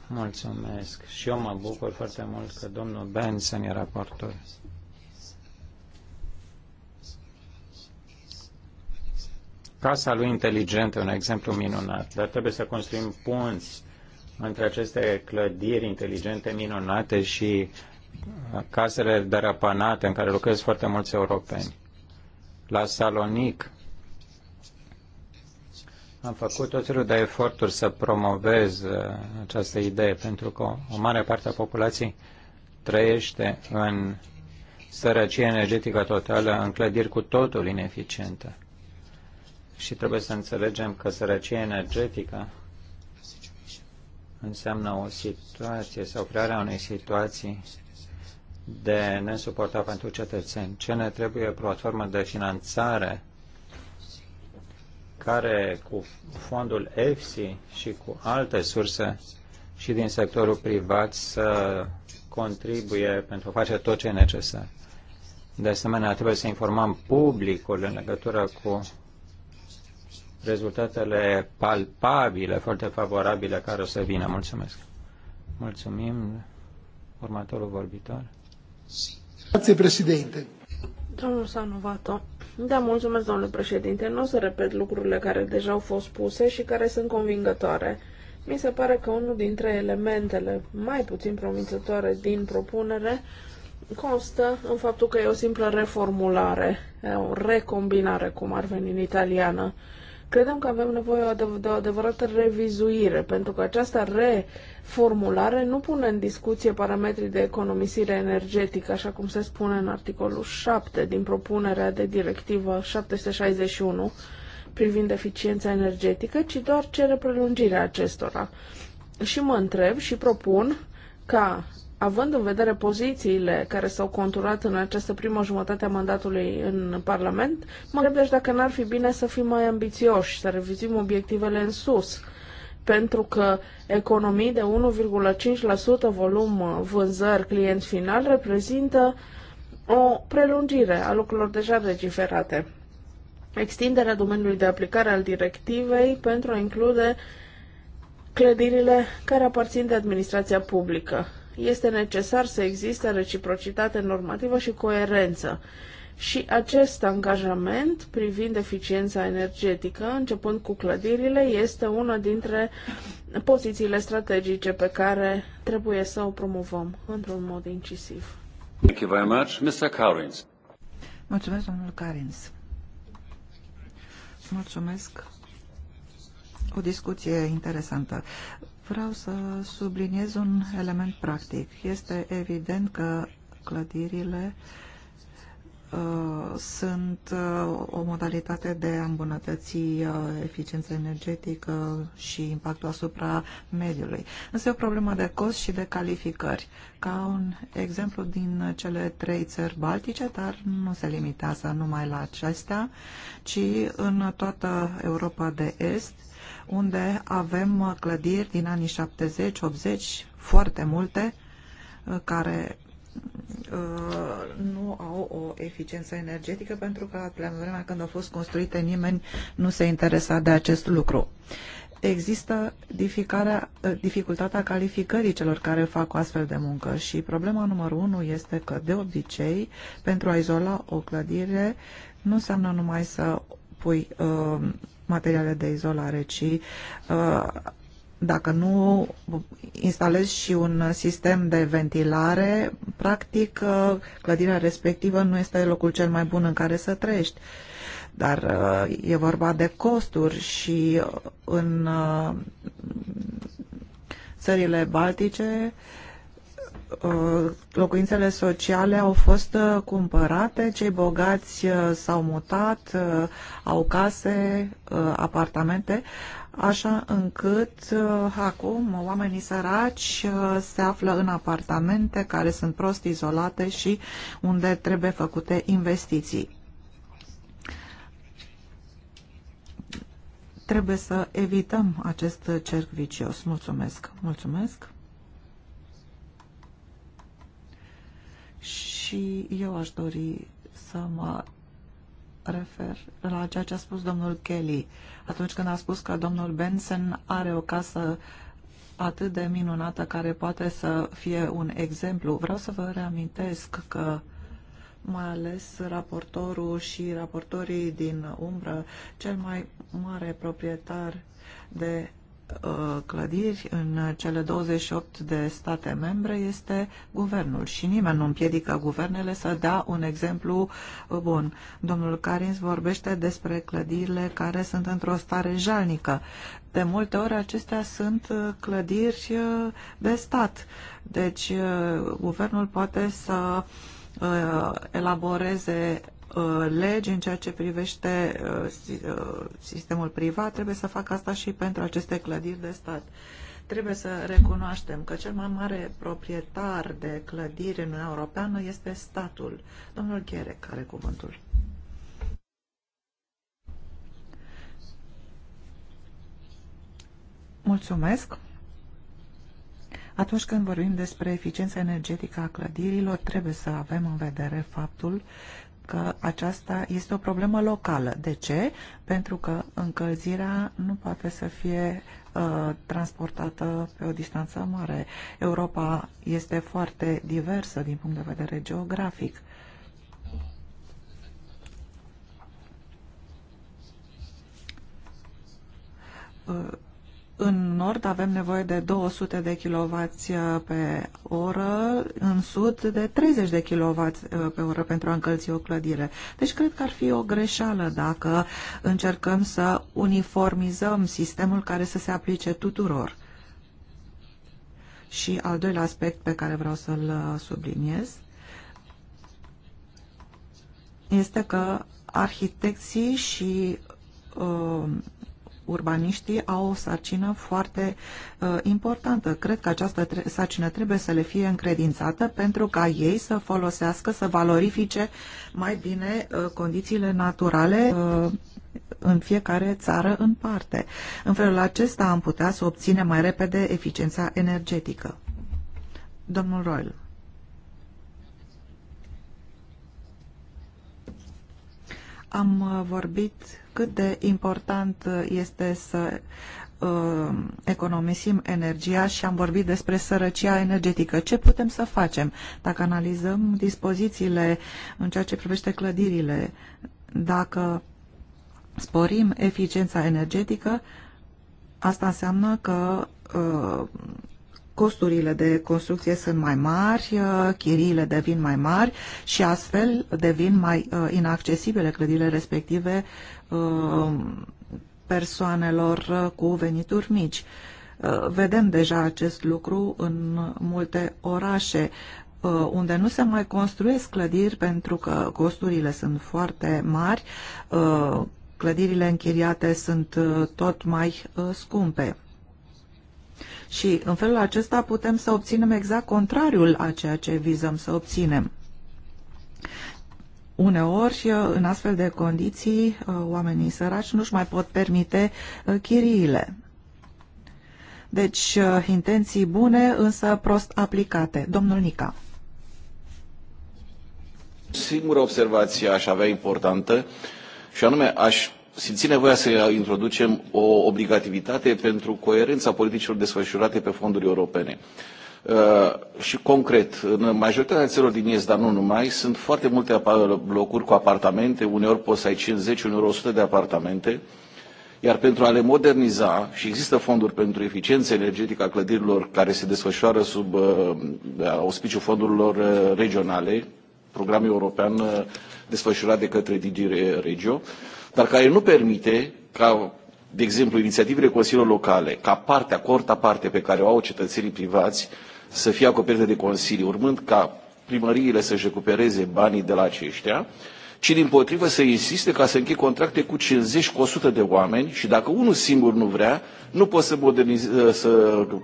Mulțumesc. Și eu mă bucur foarte mult că domnul Benson e raportor. Casa lui inteligentă e un exemplu minunat, dar trebuie să construim punți între aceste clădiri inteligente minunate și casele dărăpanate în care lucrez foarte mulți europeni. La Salonic am făcut tot felul de eforturi să promovez uh, această idee, pentru că o mare parte a populației trăiește în sărăcie energetică totală, în clădiri cu totul ineficientă. Și trebuie să înțelegem că sărăcie energetică înseamnă o situație sau crearea unei situații de nesuportat pentru cetățeni. Ce ne trebuie platformă de finanțare care cu fondul EFSI și cu alte surse și din sectorul privat să contribuie pentru a face tot ce e necesar. De asemenea, trebuie să informăm publicul în legătură cu rezultatele palpabile, foarte favorabile care o să vină. Mulțumesc. Mulțumim. Următorul vorbitor. Grazie, președinte. Domnul Sanovato. Da, mulțumesc, domnule președinte. Nu o să repet lucrurile care deja au fost spuse și care sunt convingătoare. Mi se pare că unul dintre elementele mai puțin promițătoare din propunere constă în faptul că e o simplă reformulare, o recombinare, cum ar veni în italiană. Credem că avem nevoie de o adevărată revizuire, pentru că această reformulare nu pune în discuție parametrii de economisire energetică, așa cum se spune în articolul 7 din propunerea de directivă 761 privind eficiența energetică, ci doar cere prelungirea acestora. Și mă întreb și propun ca având în vedere pozițiile care s-au conturat în această primă jumătate a mandatului în Parlament, mă întreb deci dacă n-ar fi bine să fim mai ambițioși, să revizim obiectivele în sus, pentru că economii de 1,5% volum uh, vânzări client final reprezintă o prelungire a lucrurilor deja legiferate. Extinderea domeniului de aplicare al directivei pentru a include clădirile care aparțin de administrația publică este necesar să existe reciprocitate normativă și coerență. Și acest angajament privind eficiența energetică, începând cu clădirile, este una dintre pozițiile strategice pe care trebuie să o promovăm într-un mod incisiv. Thank you very much. Mr. Carins. Mulțumesc, domnul Carins. Mulțumesc. O discuție interesantă. Vreau să subliniez un element practic. Este evident că clădirile uh, sunt uh, o modalitate de a îmbunătăți uh, eficiența energetică și impactul asupra mediului. Însă e o problemă de cost și de calificări. Ca un exemplu din cele trei țări baltice, dar nu se limitează numai la acestea, ci în toată Europa de Est, unde avem uh, clădiri din anii 70-80, foarte multe, uh, care uh, nu au o eficiență energetică pentru că la vremea când au fost construite nimeni nu se interesa de acest lucru. Există dificultatea calificării celor care fac o astfel de muncă și problema numărul unu este că de obicei pentru a izola o clădire nu înseamnă numai să pui uh, materiale de izolare, ci uh, dacă nu instalezi și un sistem de ventilare, practic uh, clădirea respectivă nu este locul cel mai bun în care să trăiești. Dar uh, e vorba de costuri și în țările baltice locuințele sociale au fost uh, cumpărate, cei bogați uh, s-au mutat, uh, au case, apartamente, așa încât acum oamenii săraci se află în apartamente care sunt prost izolate și unde trebuie făcute investiții. Trebuie să evităm acest cerc vicios. Mulțumesc! Mulțumesc! și eu aș dori să mă refer la ceea ce a spus domnul Kelly atunci când a spus că domnul Benson are o casă atât de minunată care poate să fie un exemplu. Vreau să vă reamintesc că mai ales raportorul și raportorii din umbră, cel mai mare proprietar de Uh, clădiri în cele 28 de state membre este guvernul și nimeni nu împiedică guvernele să dea un exemplu bun. Domnul Carins vorbește despre clădirile care sunt într-o stare jalnică. De multe ori acestea sunt uh, clădiri uh, de stat. Deci guvernul poate să elaboreze Uh, legi în ceea ce privește uh, uh, sistemul privat, trebuie să facă asta și pentru aceste clădiri de stat. Trebuie să recunoaștem că cel mai mare proprietar de clădiri în Uniunea Europeană este statul. Domnul Gherec are cuvântul. Mulțumesc. Atunci când vorbim despre eficiența energetică a clădirilor, trebuie să avem în vedere faptul că aceasta este o problemă locală. De ce? Pentru că încălzirea nu poate să fie uh, transportată pe o distanță mare. Europa este foarte diversă din punct de vedere geografic. Uh, în nord avem nevoie de 200 de kW uh, pe oră, în sud de 30 de kW uh, pe oră pentru a încălzi o clădire. Deci cred că ar fi o greșeală dacă încercăm să uniformizăm sistemul care să se aplice tuturor. Și al doilea aspect pe care vreau să-l uh, subliniez este că arhitecții și urbaniștii au o sarcină foarte uh, importantă. Cred că această tre sarcină trebuie să le fie încredințată pentru ca ei să folosească, să valorifice mai bine uh, condițiile naturale uh, în fiecare țară în parte. În felul acesta am putea să obținem mai repede eficiența energetică. Domnul Royal. Am uh, vorbit cât de important este să uh, economisim energia și am vorbit despre sărăcia energetică. Ce putem să facem? Dacă analizăm dispozițiile în ceea ce privește clădirile, dacă sporim eficiența energetică, asta înseamnă că uh, costurile de construcție sunt mai mari, uh, chiriile devin mai mari și astfel devin mai uh, inaccesibile clădirile respective uh, persoanelor cu venituri mici. Vedem deja acest lucru în multe orașe unde nu se mai construiesc clădiri pentru că costurile sunt foarte mari, clădirile închiriate sunt tot mai scumpe. Și în felul acesta putem să obținem exact contrariul a ceea ce vizăm să obținem. Uneori, uh, în astfel de condiții, uh, oamenii săraci nu-și mai pot permite uh, chiriile. Deci, intenții bune, însă prost aplicate. Domnul Nica. Singura observație aș avea importantă și anume aș simți nevoia să introducem o obligativitate pentru coerența politicilor desfășurate pe fonduri europene. Uh, și concret, în majoritatea țărilor din Est, dar nu numai, sunt foarte multe blocuri cu apartamente, uneori poți să ai 50, uneori 100 de apartamente, iar pentru a le moderniza, și există fonduri pentru eficiență energetică a clădirilor care se desfășoară sub uh, da, auspiciul fondurilor uh, regionale, program european desfășurat de către DG Regio, dar care nu permite ca, de exemplu, inițiativele consiliilor locale, ca partea, corta parte pe care o au cetățenii privați, să fie acoperite de consilii, urmând ca primăriile să-și recupereze banii de la aceștia, uh, ci din potrivă să insiste ca să închei contracte cu 50, cu 100 de oameni și dacă unul singur nu vrea, nu poți să, ă, să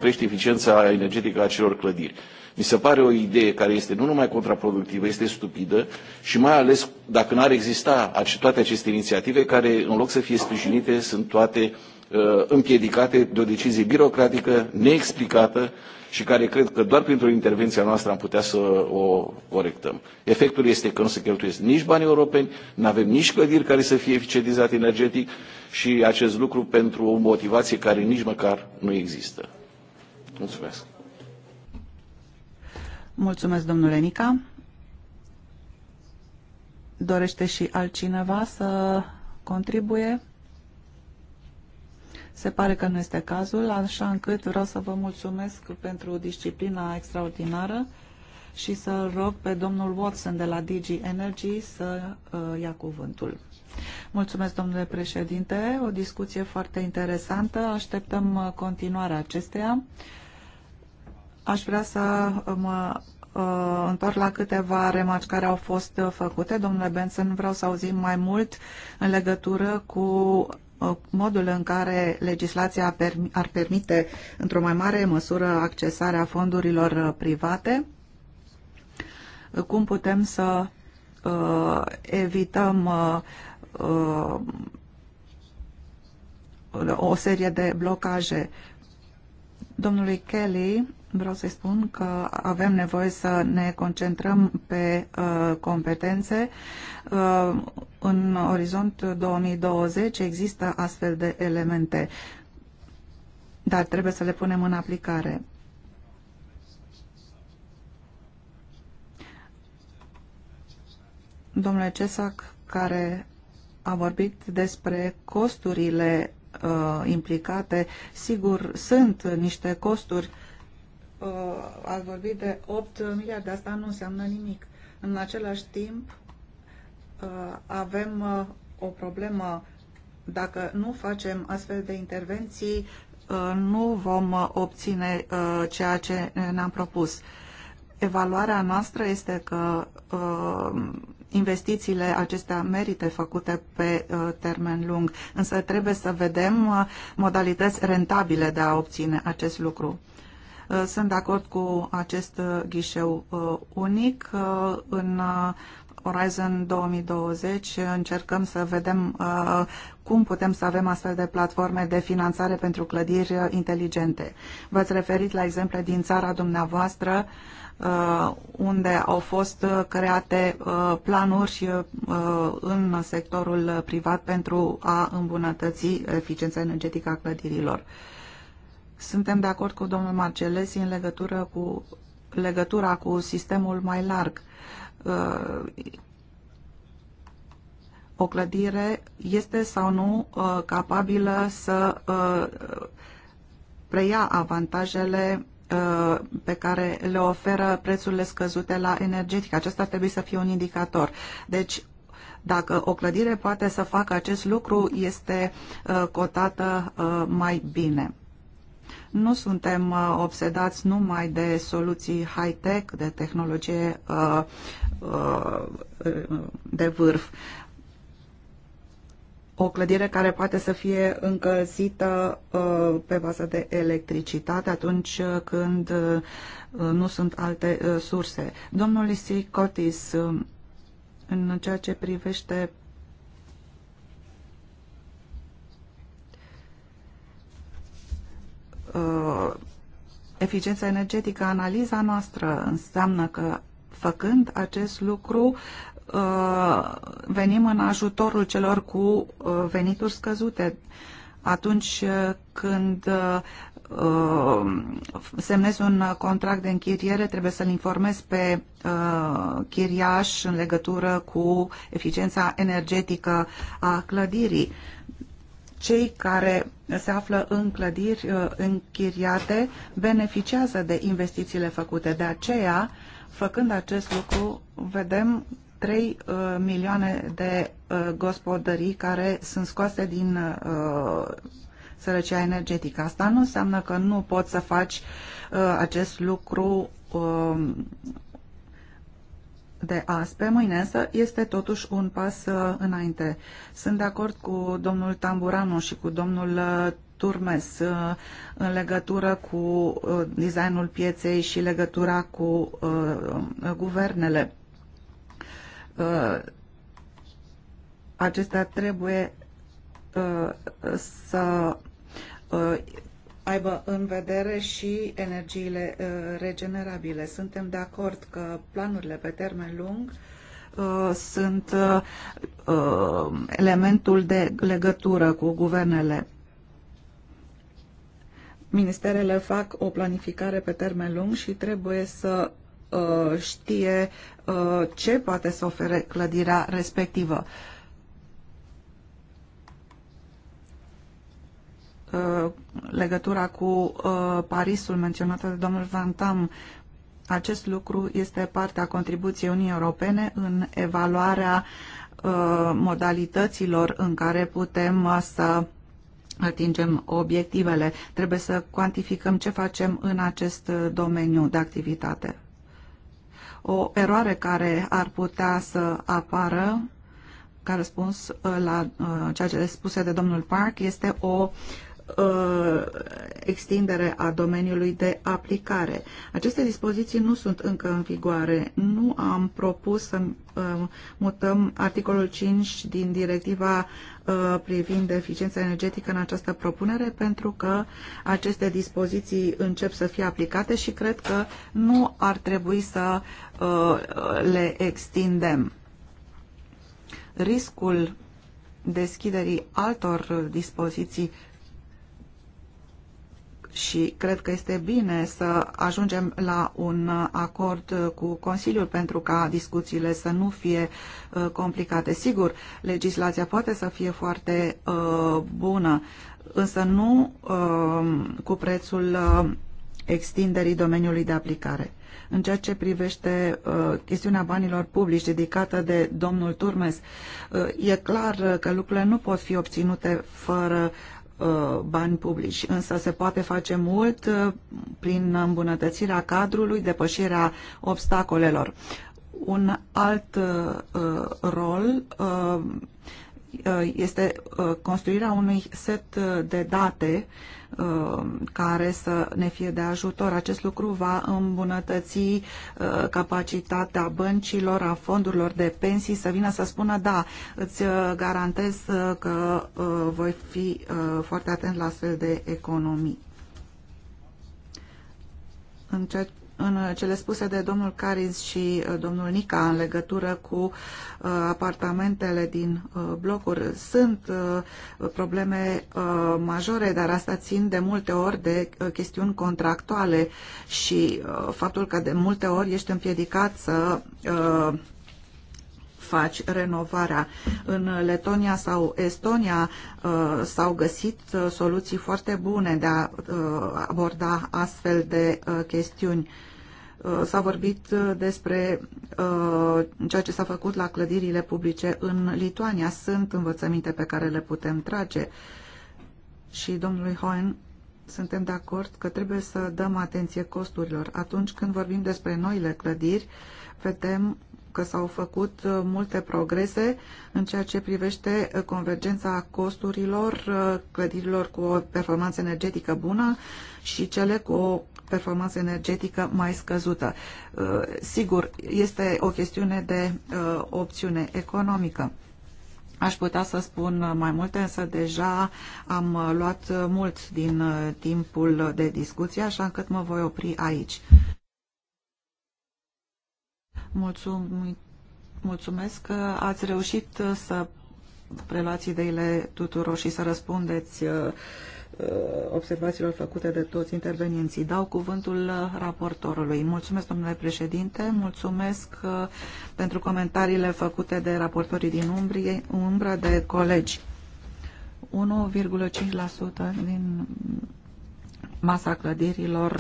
crești eficiența energetică a celor clădiri. Mi se pare o idee care este nu numai contraproductivă, este stupidă și mai ales dacă n-ar exista toate aceste inițiative care, în loc să fie sprijinite, sunt toate uh, împiedicate de o decizie birocratică, neexplicată, și care cred că doar printr-o intervenție a noastră am putea să o corectăm. Efectul este că nu se cheltuiesc nici bani europeni, nu avem nici clădiri care să fie eficientizate energetic și acest lucru pentru o motivație care nici măcar nu există. Mulțumesc. Mulțumesc, domnule Nica. Dorește și altcineva să contribuie? Se pare că nu este cazul, așa încât vreau să vă mulțumesc pentru disciplina extraordinară și să rog pe domnul Watson de la DG Energy să uh, ia cuvântul. Mulțumesc, domnule președinte. O discuție foarte interesantă. Așteptăm uh, continuarea acesteia. Aș vrea să uh, mă uh, întorc la câteva remarci care au fost uh, făcute. Domnule Benson, vreau să auzim mai mult în legătură cu Uh, modul în care legislația ar permite într-o mai mare măsură accesarea fondurilor uh, private, cum putem să uh, evităm uh, uh, o serie de blocaje. Domnului Kelly Vreau să spun că avem nevoie să ne concentrăm pe uh, competențe. Uh, în orizont 2020 există astfel de elemente, dar trebuie să le punem în aplicare. Domnule Cesac, care a vorbit despre costurile uh, implicate, sigur, sunt niște costuri uh, Uh, ați vorbit de 8 miliarde, asta nu înseamnă nimic. În același timp, uh, avem uh, o problemă. Dacă nu facem astfel de intervenții, nu vom obține ceea ce ne-am propus. Evaluarea noastră este că investițiile acestea merită făcute pe termen lung, însă trebuie să vedem modalități rentabile de a obține acest lucru. Uh, sunt de acord cu acest uh, ghișeu uh, unic. În Horizon 2020 încercăm să vedem cum putem să avem astfel de platforme de finanțare pentru clădiri inteligente. V-ați referit la exemple din țara dumneavoastră unde au fost create planuri în sectorul privat pentru a îmbunătăți eficiența energetică a clădirilor. Suntem de acord cu domnul Marcelesi în legătură cu legătura cu sistemul mai larg. Uh, o clădire este sau nu uh, capabilă să uh, preia avantajele pe care le oferă prețurile scăzute la energetic. Acesta ar trebui să fie un indicator. Deci, dacă o clădire poate să facă acest lucru, este cotată mai bine. Nu suntem uh, obsedați numai de soluții high-tech, de tehnologie uh, uh, de vârf. O clădire care poate să fie încălzită pe bază de electricitate atunci când nu sunt alte surse. Domnul Lisi Cotis, în ceea ce privește Uh, eficiența energetică, analiza noastră înseamnă că făcând acest lucru uh, venim în ajutorul celor cu uh, venituri scăzute. Atunci când semnezi un contract de închiriere, trebuie să-l informezi pe chiriaș în legătură cu eficiența energetică a clădirii. Cei care se află în clădiri uh, închiriate, beneficiază de investițiile făcute. De aceea, făcând acest lucru, vedem 3 uh, milioane de uh, gospodării care sunt scoase din sărăcia energetică. Asta nu înseamnă că nu poți să faci acest lucru um, de azi pe mâine, însă este totuși un pas uh, înainte. Sunt de acord cu domnul Tamburanu și cu domnul uh, Turmes uh, în legătură cu designul pieței și legătura cu guvernele. Acestea trebuie să aibă în vedere și energiile uh, regenerabile. Suntem de acord că planurile pe termen lung uh, sunt uh, elementul de legătură cu guvernele. Ministerele fac o planificare pe termen lung și trebuie să știe ce poate să ofere clădirea respectivă. Uh, legătura cu uh, Parisul menționată de domnul Van Tam. Acest lucru este parte a contribuției Uniunii Europene în evaluarea uh, modalităților în care putem să atingem obiectivele. Trebuie să cuantificăm ce facem în acest domeniu de activitate. O eroare care ar putea să apară ca răspuns la ceea ce spuse de domnul Park este o uh, Uh, extindere a domeniului de aplicare. Aceste dispoziții nu sunt încă în vigoare. Nu am propus să uh, mutăm articolul 5 din directiva uh, privind eficiența energetică în această propunere pentru că aceste dispoziții încep să fie aplicate și cred că nu ar trebui să le extindem. Riscul deschiderii altor dispoziții și cred că este bine să ajungem la un acord cu Consiliul pentru ca discuțiile să nu fie uh, complicate. Sigur, legislația poate să fie foarte uh, bună, însă nu uh, cu prețul extinderii domeniului de aplicare. În ceea ce privește uh, chestiunea banilor publici dedicată de domnul Turmes, uh, e clar că lucrurile nu pot fi obținute fără Uh, bani publici, însă se poate face mult uh, prin îmbunătățirea cadrului, depășirea obstacolelor. Un alt uh, rol este construirea unui set de date Uh, care să ne fie de ajutor. Acest lucru va îmbunătăți uh, capacitatea băncilor, a fondurilor de pensii să vină să spună da, îți uh, garantez că voi fi foarte atent la astfel de economii. În ceea în cele spuse de domnul Caris și uh, domnul Nica în legătură cu uh, apartamentele din uh, blocuri. Sunt probleme majore, dar asta țin de multe ori de chestiuni contractuale și faptul că de multe ori ești împiedicat să faci renovarea. În Letonia sau Estonia uh, s-au găsit uh, soluții foarte bune de a uh, aborda astfel de chestiuni. S-a vorbit despre ceea ce s-a făcut la clădirile publice în Lituania. Sunt învățăminte pe care le putem trage. Și domnului Hoen, suntem de acord că trebuie să dăm atenție costurilor. Atunci când vorbim despre noile clădiri, vedem că s-au făcut uh, multe progrese în ceea ce privește uh, convergența costurilor uh, clădirilor cu o performanță energetică bună și cele cu o performanță energetică mai scăzută. Sigur, este o chestiune de opțiune economică. Aș putea să spun mai multe, însă deja am luat mult din timpul de discuție, așa încât mă voi opri aici. Mulțum, mulțumesc că ați reușit uh, să preluați ideile tuturor și să răspundeți uh, uh, observațiilor făcute de toți intervenienții. Dau cuvântul raportorului. Mulțumesc, domnule președinte, mulțumesc pentru comentariile făcute de raportorii din umbrie, umbră, de colegi. 1,5% din masa clădirilor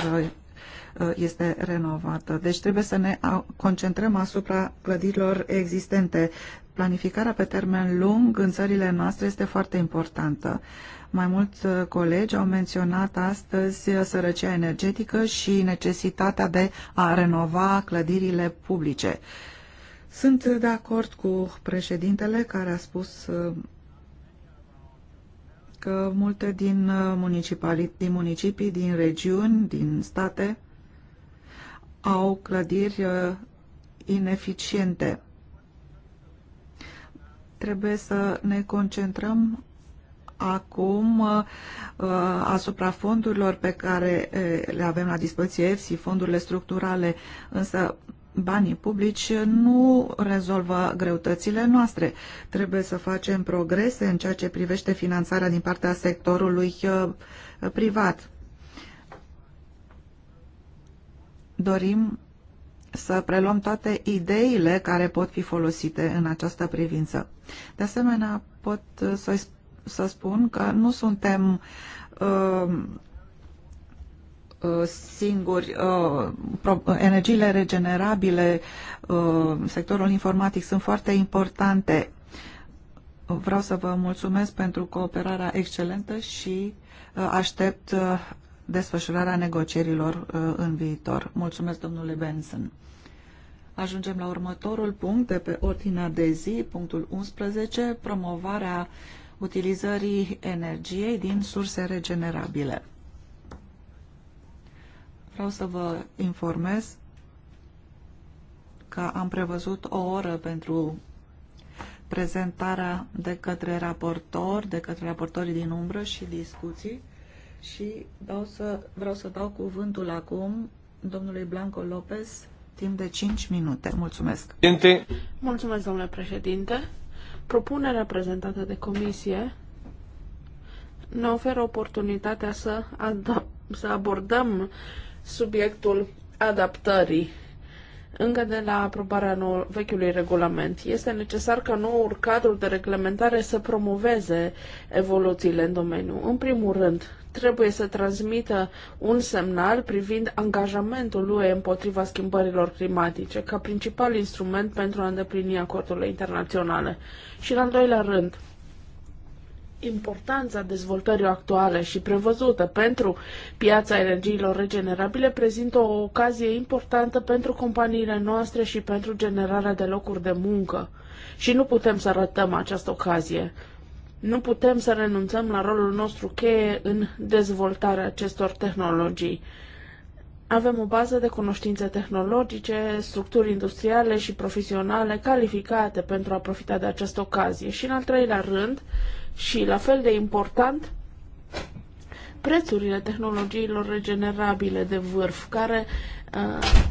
Uh, este renovată. Deci trebuie să ne concentrăm asupra clădirilor existente. Planificarea pe termen lung în țările noastre este foarte importantă. Mai mulți uh, colegi au menționat astăzi uh, sărăcia energetică și necesitatea de a renova clădirile publice. Sunt de acord cu președintele care a spus că multe din, uh, municipali, din municipii, din regiuni, din state au clădiri uh, ineficiente. Trebuie să ne concentrăm acum uh, asupra fondurilor pe care le avem la dispoziție și fondurile structurale, însă banii publici nu rezolvă greutățile noastre. Trebuie să facem progrese în ceea ce privește finanțarea din partea sectorului uh, privat. Dorim să preluăm toate ideile care pot fi folosite în această privință. De asemenea, pot uh, să, să spun că nu suntem uh, Uh, singuri. Uh, energiile regenerabile, uh, sectorul informatic sunt foarte importante. Vreau să vă mulțumesc pentru cooperarea excelentă și aștept desfășurarea negocierilor în viitor. Mulțumesc, domnule Benson. Ajungem la următorul punct de pe ordinea de zi, punctul 11, promovarea utilizării energiei din surse regenerabile. Vreau să vă informez că am prevăzut o oră pentru prezentarea de către raportor, de către raportorii din umbră și discuții și dau să, vreau să dau cuvântul acum domnului Blanco Lopez timp de 5 minute. Mulțumesc! Mulțumesc, domnule președinte! Propunerea prezentată de comisie ne oferă oportunitatea să, să abordăm subiectul adaptării încă de la aprobarea nou, vechiului regulament. Este necesar ca noul cadru de reglementare să promoveze evoluțiile în domeniu. În primul rând, trebuie să transmită un semnal privind angajamentul UE împotriva schimbărilor climatice ca principal instrument pentru a îndeplini acordurile internaționale. Și în al doilea rând, Importanța dezvoltării actuale și prevăzută pentru piața energiilor regenerabile prezintă o ocazie importantă pentru companiile noastre și pentru generarea de locuri de muncă. Și nu putem să ratăm această ocazie. Nu putem să renunțăm la rolul nostru cheie în dezvoltarea acestor tehnologii. Avem o bază de cunoștințe tehnologice, structuri industriale și profesionale calificate pentru a profita de această ocazie. Și în al treilea rând, și la fel de important, prețurile tehnologiilor regenerabile de vârf, care uh,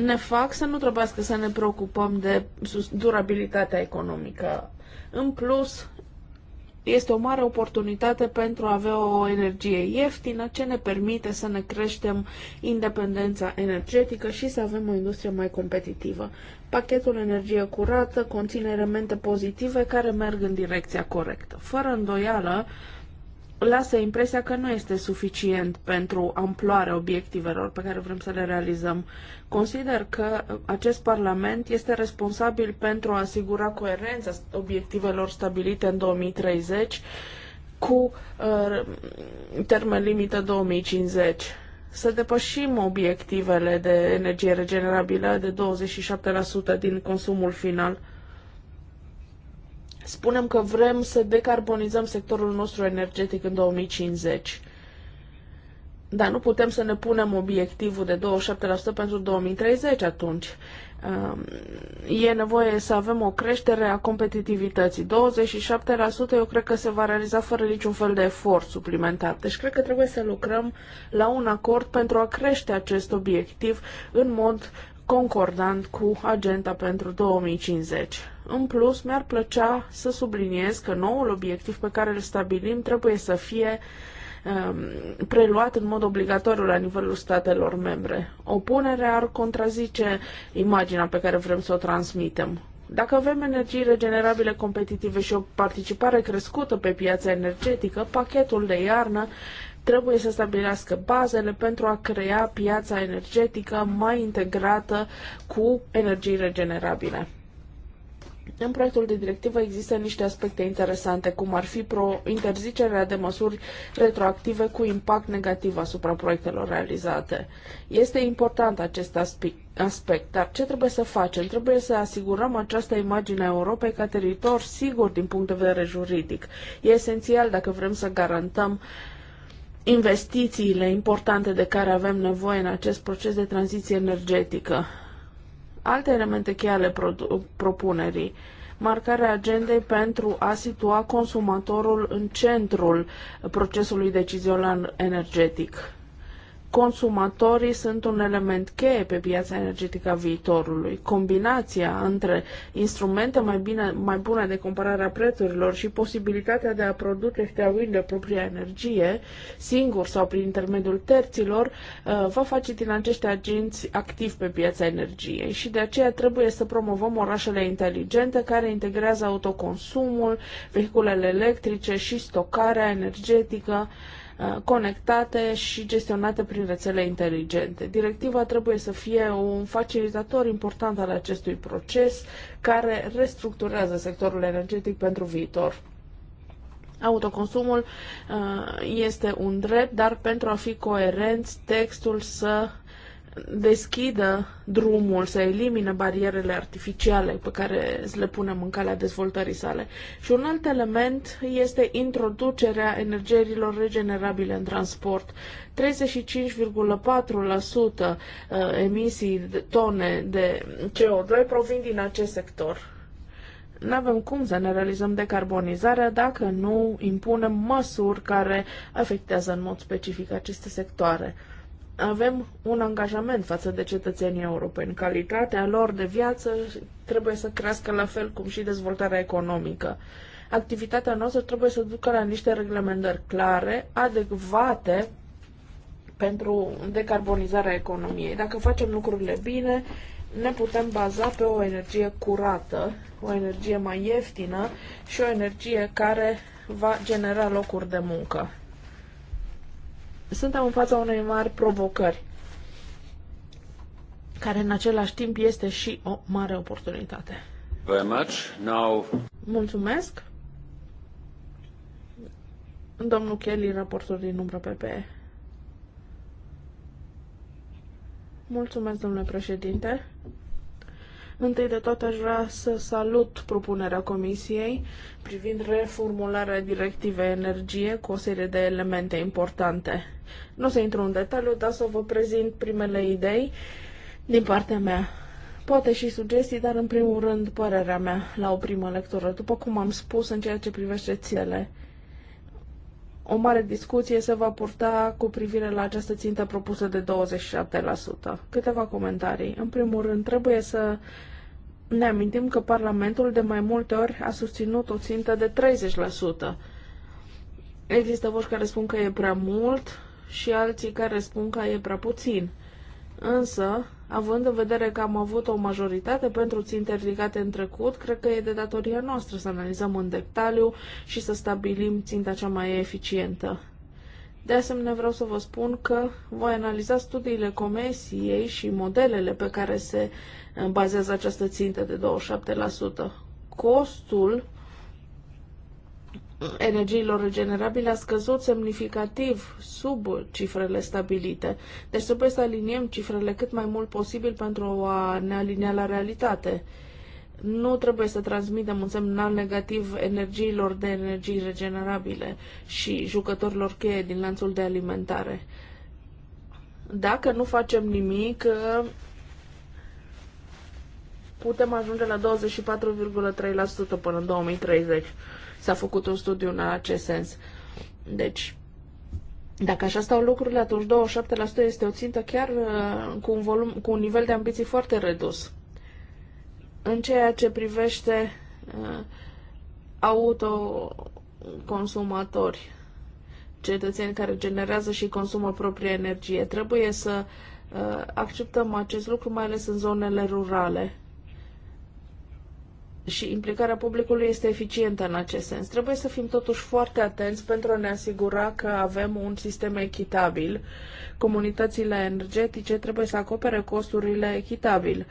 ne fac să nu trebuiască să ne preocupăm de durabilitatea economică. În plus, este o mare oportunitate pentru a avea o energie ieftină ce ne permite să ne creștem independența energetică și să avem o industrie mai competitivă. Pachetul energie curată conține elemente pozitive care merg în direcția corectă. Fără îndoială, lasă impresia că nu este suficient pentru amploarea obiectivelor pe care vrem să le realizăm. Consider că acest Parlament este responsabil pentru a asigura coerența obiectivelor stabilite în 2030 cu uh, termen limită 2050 să depășim obiectivele de energie regenerabilă de 27% din consumul final spunem că vrem să decarbonizăm sectorul nostru energetic în 2050. Dar nu putem să ne punem obiectivul de 27% pentru 2030 atunci. Um, e nevoie să avem o creștere a competitivității. 27% eu cred că se va realiza fără niciun fel de efort suplimentar. Deci cred că trebuie să lucrăm la un acord pentru a crește acest obiectiv în mod concordant cu agenda pentru 2050. În plus, mi-ar plăcea să subliniez că noul obiectiv pe care îl stabilim trebuie să fie um, preluat în mod obligatoriu la nivelul statelor membre. Opunerea ar contrazice imaginea pe care vrem să o transmitem. Dacă avem energii regenerabile competitive și o participare crescută pe piața energetică, pachetul de iarnă trebuie să stabilească bazele pentru a crea piața energetică mai integrată cu energii regenerabile. În proiectul de directivă există niște aspecte interesante, cum ar fi pro interzicerea de măsuri retroactive cu impact negativ asupra proiectelor realizate. Este important acest aspect, dar ce trebuie să facem? Trebuie să asigurăm această imagine a Europei ca teritor sigur din punct de vedere juridic. E esențial dacă vrem să garantăm investițiile importante de care avem nevoie în acest proces de tranziție energetică. Alte elemente cheie ale propunerii marcarea agendei pentru a situa consumatorul în centrul procesului decizional energetic consumatorii sunt un element cheie pe piața energetică a viitorului. Combinația între instrumente mai, bine, mai bune de comparare a prețurilor și posibilitatea de a produce și de a vinde propria energie, singur sau prin intermediul terților, uh, va face din acești agenți activ pe piața energiei și de aceea trebuie să promovăm orașele inteligente care integrează autoconsumul, vehiculele electrice și stocarea energetică, Uh, conectate și gestionate prin rețele inteligente. Directiva trebuie să fie un facilitator important al acestui proces care restructurează sectorul energetic pentru viitor. Autoconsumul uh, este un drept, dar pentru a fi coerent, textul să deschidă drumul, să elimine barierele artificiale pe care le punem în calea dezvoltării sale. Și un alt element este introducerea energiilor regenerabile în transport. 35,4% uh, emisii de tone de CO2 provin din acest sector. Nu avem cum să ne realizăm decarbonizarea dacă nu impunem măsuri care afectează în mod specific aceste sectoare avem un angajament față de cetățenii europeni. Calitatea lor de viață trebuie să crească la fel cum și dezvoltarea economică. Activitatea noastră trebuie să ducă la niște reglementări clare, adecvate pentru decarbonizarea economiei. Dacă facem lucrurile bine, ne putem baza pe o energie curată, o energie mai ieftină și o energie care va genera locuri de muncă suntem în fața unei mari provocări, care în același timp este și o mare oportunitate. Very much. Now... Mulțumesc. Domnul Kelly, raportor din umbră PPE. Mulțumesc, domnule președinte. Întâi de toate aș vrea să salut propunerea Comisiei privind reformularea directivei energie cu o serie de elemente importante. Nu o să intru în detaliu, dar să vă prezint primele idei din partea mea. Poate și sugestii, dar în primul rând părerea mea la o primă lectură. După cum am spus, în ceea ce privește ținele, o mare discuție se va purta cu privire la această țintă propusă de 27%. Câteva comentarii. În primul rând, trebuie să ne amintim că Parlamentul de mai multe ori a susținut o țintă de 30%. Există voci care spun că e prea mult și alții care spun că e prea puțin. Însă, având în vedere că am avut o majoritate pentru ținte ridicate în trecut, cred că e de datoria noastră să analizăm în detaliu și să stabilim ținta cea mai eficientă. De asemenea, vreau să vă spun că voi analiza studiile comisiei și modelele pe care se uh, bazează această țintă de 27%. Costul energiilor regenerabile a scăzut semnificativ sub cifrele stabilite. Deci trebuie să aliniem cifrele cât mai mult posibil pentru a ne alinia la realitate nu trebuie să transmitem un semnal negativ energiilor de energii regenerabile și jucătorilor cheie din lanțul de alimentare. Dacă nu facem nimic, putem ajunge la 24,3% până în 2030. S-a făcut un studiu în acest sens. Deci, dacă așa stau lucrurile, atunci 27% este o țintă chiar uh, cu un, volum, cu un nivel de ambiții foarte redus. În ceea ce privește uh, autoconsumatori, cetățeni care generează și consumă propria energie, trebuie să uh, acceptăm acest lucru, mai ales în zonele rurale și implicarea publicului este eficientă în acest sens. Trebuie să fim totuși foarte atenți pentru a ne asigura că avem un sistem echitabil. Comunitățile energetice trebuie să acopere costurile echitabil.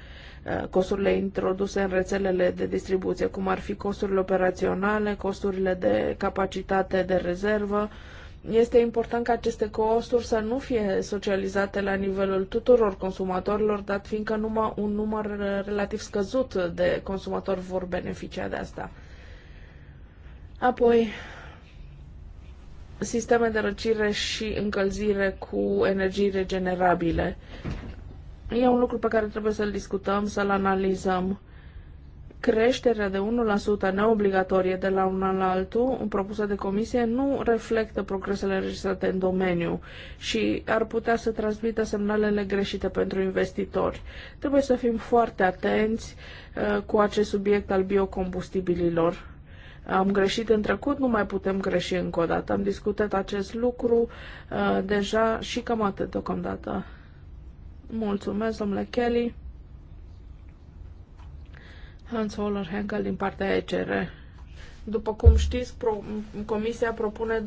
Uh, costurile introduse în rețelele de distribuție, cum ar fi costurile operaționale, costurile de capacitate de rezervă. Este important ca aceste costuri să nu fie socializate la nivelul tuturor consumatorilor, dat fiindcă numai un număr relativ scăzut de consumatori vor beneficia de asta. Apoi, sisteme de răcire și încălzire cu energii regenerabile. E un lucru pe care trebuie să-l discutăm, să-l analizăm. Creșterea de 1% neobligatorie de la un an la altul, propusă de comisie, nu reflectă progresele înregistrate în domeniu și ar putea să transmită semnalele greșite pentru investitori. Trebuie să fim foarte atenți uh, cu acest subiect al biocombustibililor. Am greșit în trecut, nu mai putem greși încă o dată. Am discutat acest lucru uh, deja și cam atât deocamdată. Mulțumesc, domnule Kelly. Hans Holler Henkel din partea ECR. După cum știți, pro- Comisia propune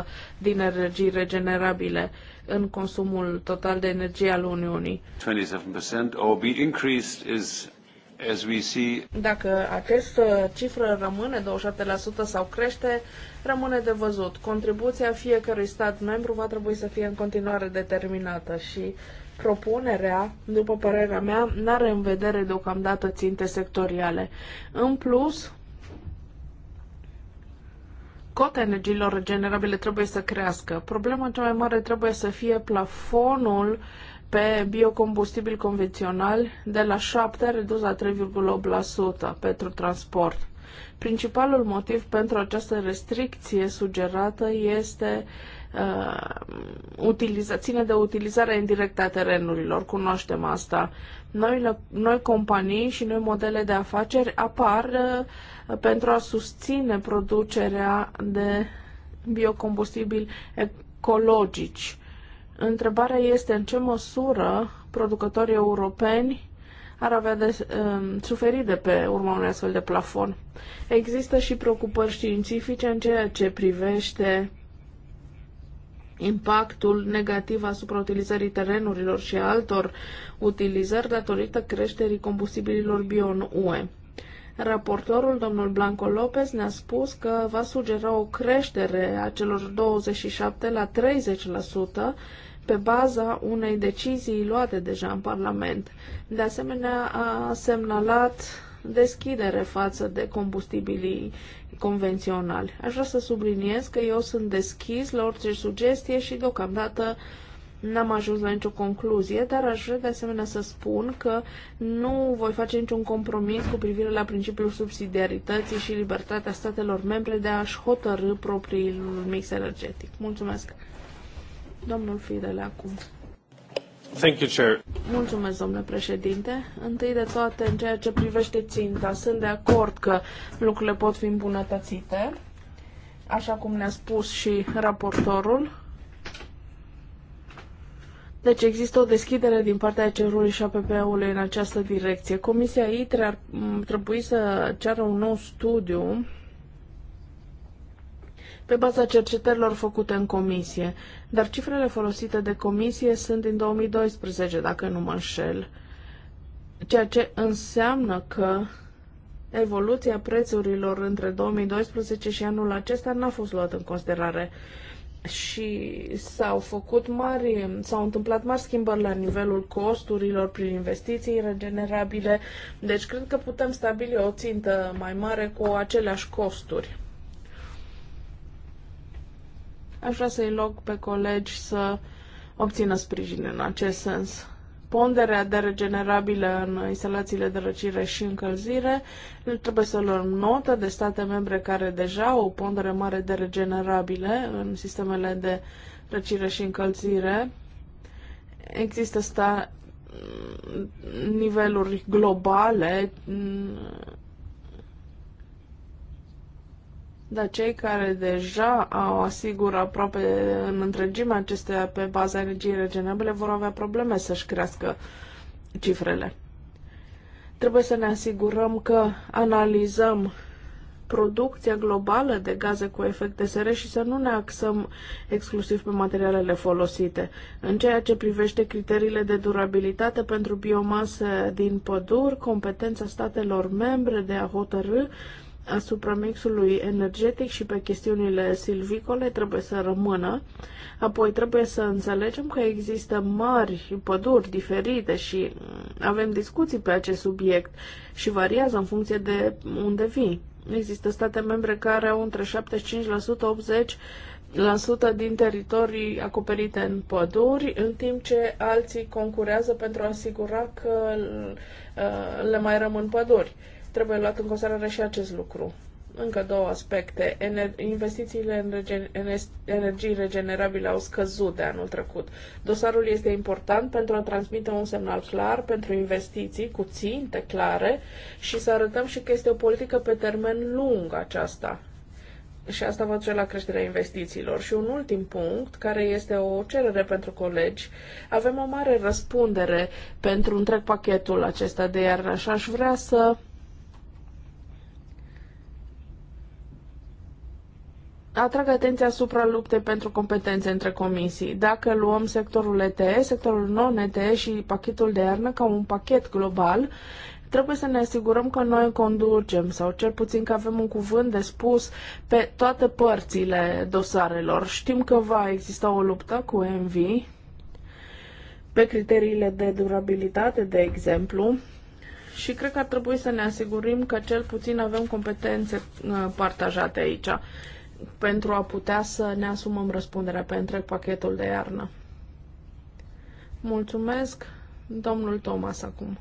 27% din energii regenerabile în consumul total de energie al Uniunii. 27% or be increased is dacă această cifră rămâne 27% sau crește, rămâne de văzut. Contribuția fiecărui stat membru va trebui să fie în continuare determinată și propunerea, după părerea mea, nu are în vedere deocamdată ținte sectoriale. În plus, cota energiilor regenerabile trebuie să crească. Problema cea mai mare trebuie să fie plafonul uh, pe biocombustibil convențional de la 7 redus la 3,8% pentru transport. Principalul motiv pentru această restricție sugerată este uh, ține de utilizarea indirectă a terenurilor. Cunoaștem asta. Noi, noi companii și noi modele de afaceri apar uh, pentru a susține producerea de biocombustibili ecologici Întrebarea este în ce măsură producătorii europeni ar avea de uh, suferit de pe urma unui astfel de plafon. Există și preocupări științifice în ceea ce privește impactul negativ asupra utilizării terenurilor și altor utilizări datorită creșterii combustibililor bio UE. Raportorul, domnul Blanco Lopez, ne-a spus că va sugera o creștere a celor 27 la 30% pe baza unei decizii luate deja în Parlament. De asemenea, a semnalat deschidere față de combustibilii convenționali. Aș vrea să subliniez că eu sunt deschis la orice sugestie și deocamdată n-am ajuns la nicio concluzie, dar aș vrea de asemenea să spun că nu voi face niciun compromis cu privire la principiul subsidiarității și libertatea statelor membre de a-și hotărâ propriul mix energetic. Mulțumesc! Domnul Firele acum. Thank you, Chair. Mulțumesc, domnule președinte. Întâi de toate, în ceea ce privește ținta, sunt de acord că lucrurile pot fi îmbunătățite, așa cum ne-a spus și raportorul. Deci există o deschidere din partea cerului și a PP-ului în această direcție. Comisia ITRE ar trebui să ceară un nou studiu pe baza cercetărilor făcute în comisie, dar cifrele folosite de comisie sunt din 2012, dacă nu mă înșel, ceea ce înseamnă că evoluția prețurilor între 2012 și anul acesta n-a fost luată în considerare și s-au făcut mari, s-au întâmplat mari schimbări la nivelul costurilor prin investiții regenerabile, deci cred că putem stabili o țintă mai mare cu aceleași costuri. Aș vrea să-i log pe colegi să obțină sprijin în acest sens. Ponderea de regenerabile în instalațiile de răcire și încălzire, trebuie să luăm notă de state membre care deja au o pondere mare de regenerabile în sistemele de răcire și încălzire. Există sta niveluri globale dar cei care deja au asigură aproape în întregime acestea pe baza energiei regenerabile vor avea probleme să-și crească cifrele. Trebuie să ne asigurăm că analizăm producția globală de gaze cu efect de seră și să nu ne axăm exclusiv pe materialele folosite. În ceea ce privește criteriile de durabilitate pentru biomasă din păduri, competența statelor membre de a hotărâ asupra mixului energetic și pe chestiunile silvicole trebuie să rămână. Apoi trebuie să înțelegem că există mari păduri diferite și avem discuții pe acest subiect și variază în funcție de unde vii. Există state membre care au între 75% 80% din teritorii acoperite în păduri, în timp ce alții concurează pentru a asigura că uh, le mai rămân păduri. Trebuie luat în considerare și acest lucru. Încă două aspecte. Ener- investițiile în regen- energii regenerabile au scăzut de anul trecut. Dosarul este important pentru a transmite un semnal clar pentru investiții cu ținte clare și să arătăm și că este o politică pe termen lung aceasta și asta va duce la creșterea investițiilor. Și un ultim punct, care este o cerere pentru colegi, avem o mare răspundere pentru întreg pachetul acesta de iarnă și aș vrea să atrag atenția asupra luptei pentru competențe între comisii. Dacă luăm sectorul ETE, sectorul non-ETE și pachetul de iarnă ca un pachet global, trebuie să ne asigurăm că noi conducem sau cel puțin că avem un cuvânt de spus pe toate părțile dosarelor. Știm că va exista o luptă cu MV pe criteriile de durabilitate, de exemplu, și cred că ar trebui să ne asigurim că cel puțin avem competențe uh, partajate aici pentru a putea să ne asumăm răspunderea pe întreg pachetul de iarnă. Mulțumesc, domnul Thomas, acum.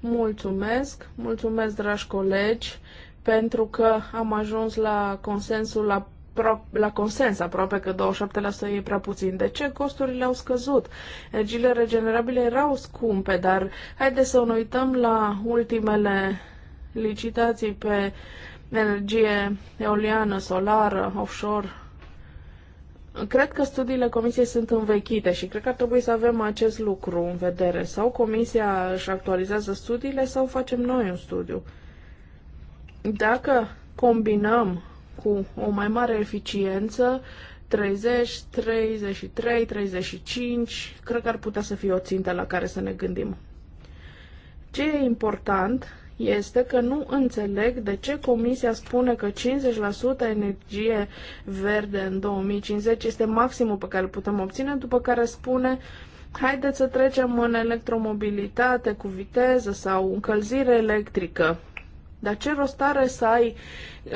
Mulțumesc, mulțumesc, dragi colegi, pentru că am ajuns la consensul la la consens aproape că 27% e prea puțin. De ce? Costurile au scăzut. Energiile regenerabile erau scumpe, dar haideți să ne uităm la ultimele licitații pe energie eoliană, solară, offshore. Cred că studiile comisiei sunt învechite și cred că ar trebui să avem acest lucru în vedere. Sau comisia își actualizează studiile sau facem noi un studiu. Dacă combinăm cu o mai mare eficiență, 30, 33, 35, cred că ar putea să fie o țintă la care să ne gândim. Ce e important este că nu înțeleg de ce Comisia spune că 50% energie verde în 2050 este maximul pe care îl putem obține, după care spune haideți să trecem în electromobilitate cu viteză sau încălzire electrică. Dar ce rost are să ai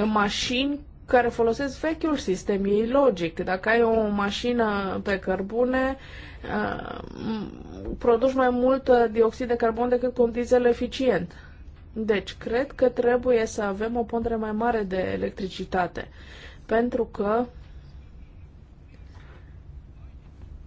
mașini care folosesc vechiul sistem, e logic. Dacă ai o mașină pe cărbune, uh, produci mai mult dioxid de carbon decât cu un diesel eficient. Deci, cred că trebuie să avem o pondere mai mare de electricitate, pentru că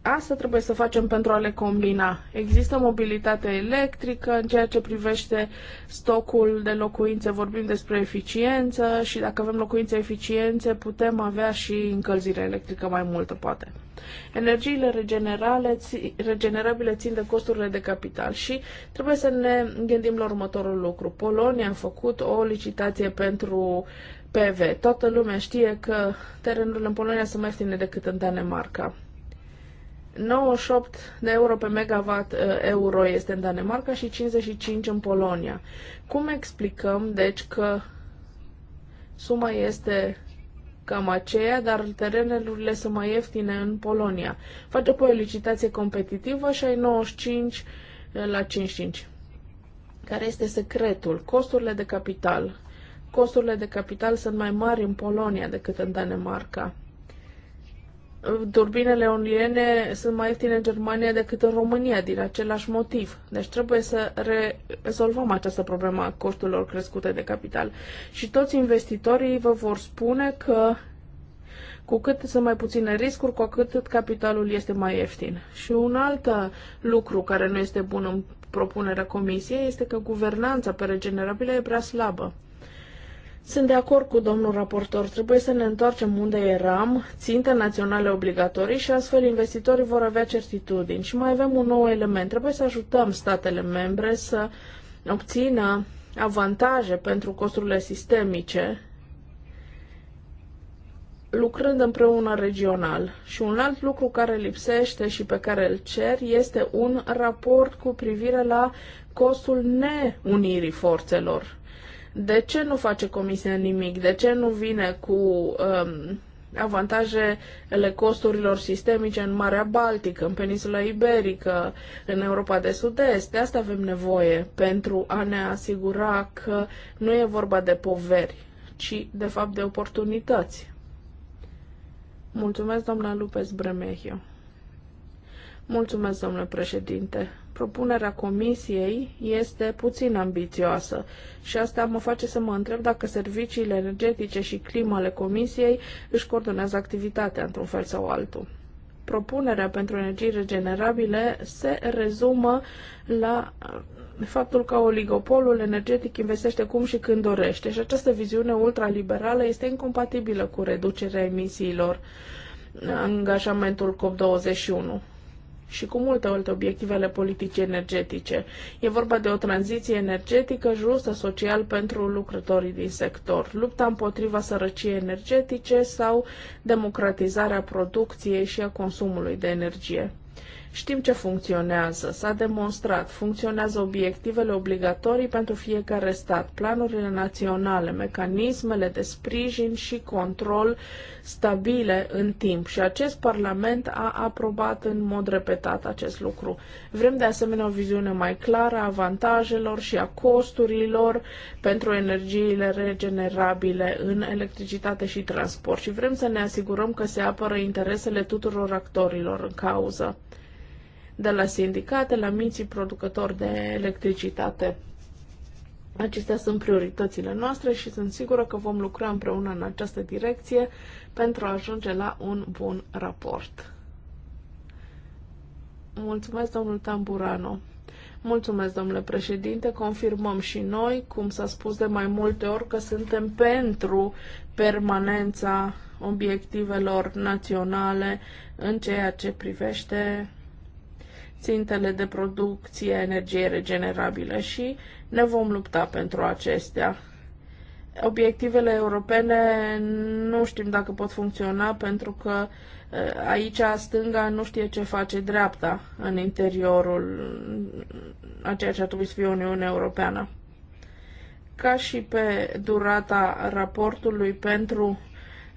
Asta trebuie să facem pentru a le combina. Există mobilitate electrică în ceea ce privește stocul de locuințe, vorbim despre eficiență și dacă avem locuințe eficiențe putem avea și încălzire electrică mai multă, poate. Energiile regenerale, regenerabile țin de costurile de capital și trebuie să ne gândim la următorul lucru. Polonia a făcut o licitație pentru PV. Toată lumea știe că terenurile în Polonia sunt mai ieftine decât în Danemarca. 98 de euro pe megawatt uh, euro este în Danemarca și 55 în Polonia. Cum explicăm, deci, că suma este cam aceea, dar terenurile sunt mai ieftine în Polonia. Face apoi o licitație competitivă și ai 95 uh, la 55. Care este secretul? Costurile de capital. Costurile de capital sunt mai mari în Polonia decât în Danemarca turbinele eoliene sunt mai ieftine în Germania decât în România, din același motiv. Deci trebuie să rezolvăm această problemă a costurilor crescute de capital. Și toți investitorii vă vor spune că cu cât sunt mai puține riscuri, cu cât capitalul este mai ieftin. Și un alt lucru care nu este bun în propunerea comisiei este că guvernanța pe regenerabile e prea slabă. Sunt de acord cu domnul raportor. Trebuie să ne întoarcem unde eram, ținte naționale obligatorii și astfel investitorii vor avea certitudini. Și mai avem un nou element. Trebuie să ajutăm statele membre să obțină avantaje pentru costurile sistemice lucrând împreună regional. Și un alt lucru care lipsește și pe care îl cer este un raport cu privire la costul neunirii forțelor de ce nu face Comisia nimic? De ce nu vine cu um, avantajele costurilor sistemice în Marea Baltică, în Peninsula Iberică, în Europa de Sud-Est. De asta avem nevoie pentru a ne asigura că nu e vorba de poveri, ci de fapt de oportunități. Mulțumesc, doamna Lupez Bremehio. Mulțumesc, domnule președinte propunerea comisiei este puțin ambițioasă și asta mă face să mă întreb dacă serviciile energetice și clima ale comisiei își coordonează activitatea într-un fel sau altul. Propunerea pentru energii regenerabile se rezumă la faptul că oligopolul energetic investește cum și când dorește și această viziune ultraliberală este incompatibilă cu reducerea emisiilor angajamentul COP21 și cu multe alte obiective ale politicii energetice. E vorba de o tranziție energetică justă social pentru lucrătorii din sector, lupta împotriva sărăciei energetice sau democratizarea producției și a consumului de energie. Știm ce funcționează, s-a demonstrat, funcționează obiectivele obligatorii pentru fiecare stat, planurile naționale, mecanismele de sprijin și control stabile în timp și acest Parlament a aprobat în mod repetat acest lucru. Vrem de asemenea o viziune mai clară a avantajelor și a costurilor pentru energiile regenerabile în electricitate și transport și vrem să ne asigurăm că se apără interesele tuturor actorilor în cauză de la sindicate la minții producători de electricitate. Acestea sunt prioritățile noastre și sunt sigură că vom lucra împreună în această direcție pentru a ajunge la un bun raport. Mulțumesc, domnul Tamburano. Mulțumesc, domnule președinte. Confirmăm și noi, cum s-a spus de mai multe ori, că suntem pentru permanența obiectivelor naționale în ceea ce privește țintele de producție a energiei regenerabile și ne vom lupta pentru acestea. Obiectivele europene nu știm dacă pot funcționa pentru că eh, aici stânga nu știe ce face dreapta în interiorul a ceea ce ar trebui să fie Uniunea Europeană. Ca și pe durata raportului pentru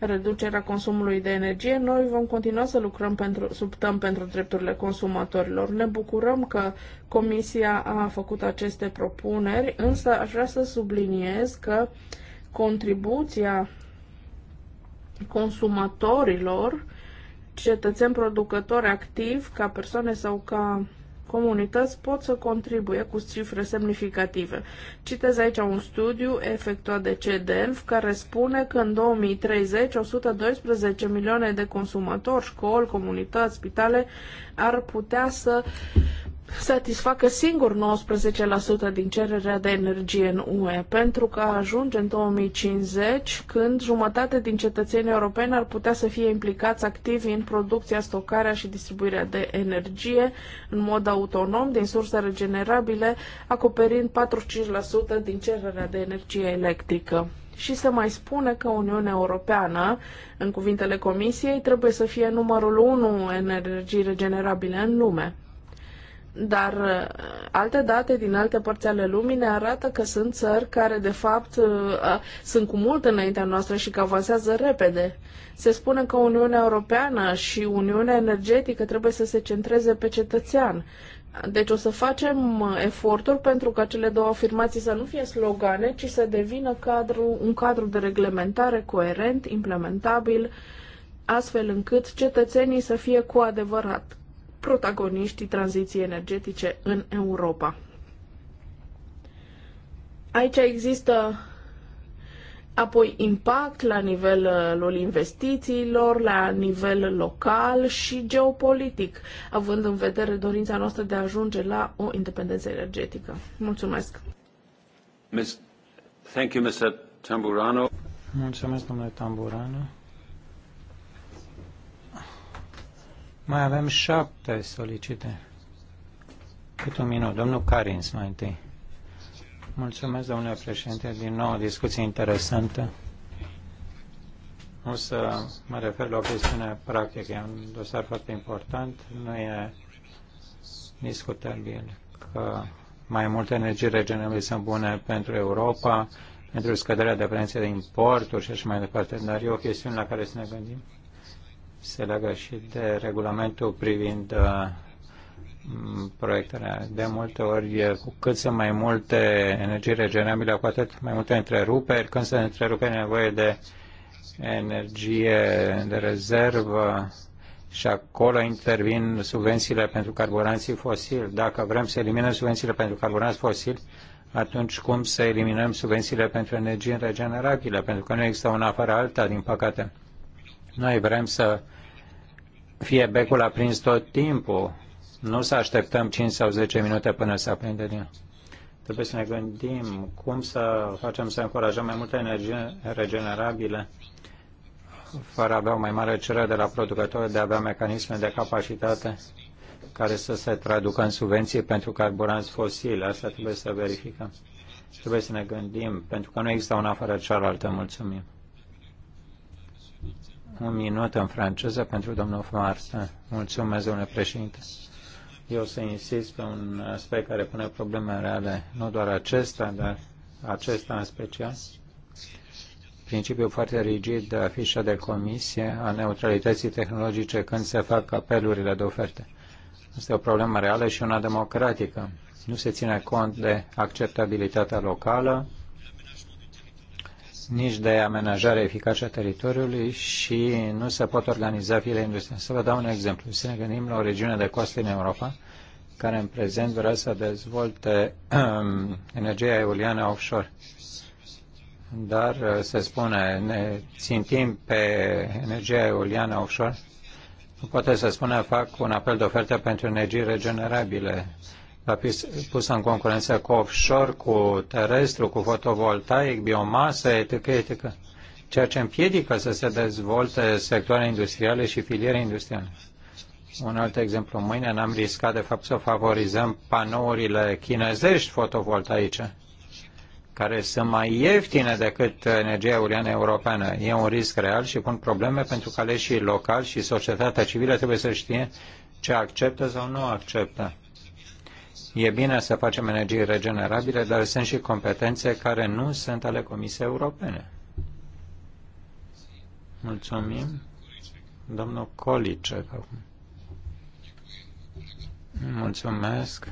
reducerea consumului de energie, noi vom continua să lucrăm pentru, subtăm pentru drepturile consumatorilor. Ne bucurăm că Comisia a făcut aceste propuneri, însă aș vrea să subliniez că contribuția consumatorilor, cetățeni producători activi, ca persoane sau ca comunități pot să contribuie cu cifre semnificative. Citez aici un studiu efectuat de CEDENF care spune că în 2030 112 milioane de consumatori, școli, comunități, spitale ar putea să satisfacă singur 19% din cererea de energie în UE, pentru că ajunge în 2050 când jumătate din cetățenii europeni ar putea să fie implicați activ în producția, stocarea și distribuirea de energie în mod autonom din surse regenerabile, acoperind 45% din cererea de energie electrică și se mai spune că Uniunea Europeană, în cuvintele Comisiei, trebuie să fie numărul 1 energii regenerabile în lume. Dar uh, alte date din alte părți ale lumii ne arată că sunt țări care, de fapt, uh, sunt cu mult înaintea noastră și că avansează repede. Se spune că Uniunea Europeană și Uniunea Energetică trebuie să se centreze pe cetățean. Deci o să facem uh, eforturi pentru ca cele două afirmații să nu fie slogane, ci să devină cadru, un cadru de reglementare coerent, implementabil, astfel încât cetățenii să fie cu adevărat protagoniștii tranziției energetice în Europa. Aici există apoi impact la nivelul investițiilor, la nivel local și geopolitic, având în vedere dorința noastră de a ajunge la o independență energetică. Mulțumesc! Thank you, Mr. Tamburano. Mulțumesc, domnule Tamburano. Mai avem șapte solicite. Cât un minut. Domnul Carins mai întâi. Mulțumesc, domnule președinte. Din nou o discuție interesantă. O să mă refer la o chestiune practică. E un dosar foarte important. Nu e discutabil că mai multe energii regenerabile sunt bune pentru Europa, pentru scăderea dependenței de importuri și așa mai departe. Dar e o chestiune la care să ne gândim se leagă și de regulamentul privind uh, proiectele. De multe ori, cu cât sunt mai multe energii regenerabile, cu atât mai multe întreruperi. Când se întrerupe nevoie de energie de rezervă și acolo intervin subvențiile pentru carburanții fosili. Dacă vrem să eliminăm subvențiile pentru carburanți fosili, atunci cum să eliminăm subvențiile pentru energie regenerabile? Pentru că nu există una fără alta, din păcate. Noi vrem să fie becul a prins tot timpul, nu să așteptăm 5 sau 10 minute până se aprinde din Trebuie să ne gândim cum să facem să încurajăm mai multe energie regenerabile fără a avea o mai mare cerere de la producători de a avea mecanisme de capacitate care să se traducă în subvenții pentru carburanți fosili. Asta trebuie să verificăm. Trebuie să ne gândim, pentru că nu există una fără cealaltă. Mulțumim. Un minut în franceză pentru domnul Marston. Mulțumesc, domnule președinte. Eu să insist pe un aspect care pune probleme reale, nu doar acesta, dar acesta în special. Principiul foarte rigid de afișa de comisie a neutralității tehnologice când se fac apelurile de oferte. e o problemă reală și una democratică. Nu se ține cont de acceptabilitatea locală, nici de amenajare eficace a teritoriului și nu se pot organiza fiile industriale. Să vă dau un exemplu. Să ne gândim la o regiune de coastă în Europa care în prezent vrea să dezvolte energia eoliană offshore. Dar uh, se spune, ne țintim pe energia eoliană offshore, nu poate să spună, fac un apel de ofertă pentru energii regenerabile va fi pus în concurență cu offshore, cu terestru, cu fotovoltaic, biomasă, etc., etc., ceea ce împiedică să se dezvolte sectoare industriale și filiere industriale. Un alt exemplu, mâine n-am riscat de fapt să favorizăm panourile chinezești fotovoltaice, care sunt mai ieftine decât energia eoliană europeană. E un risc real și pun probleme pentru că aleșii locali și societatea civilă trebuie să știe ce acceptă sau nu acceptă E bine să facem energii regenerabile, dar sunt și competențe care nu sunt ale Comisiei Europene. Mulțumim. Domnul Colicek acum. Mulțumesc.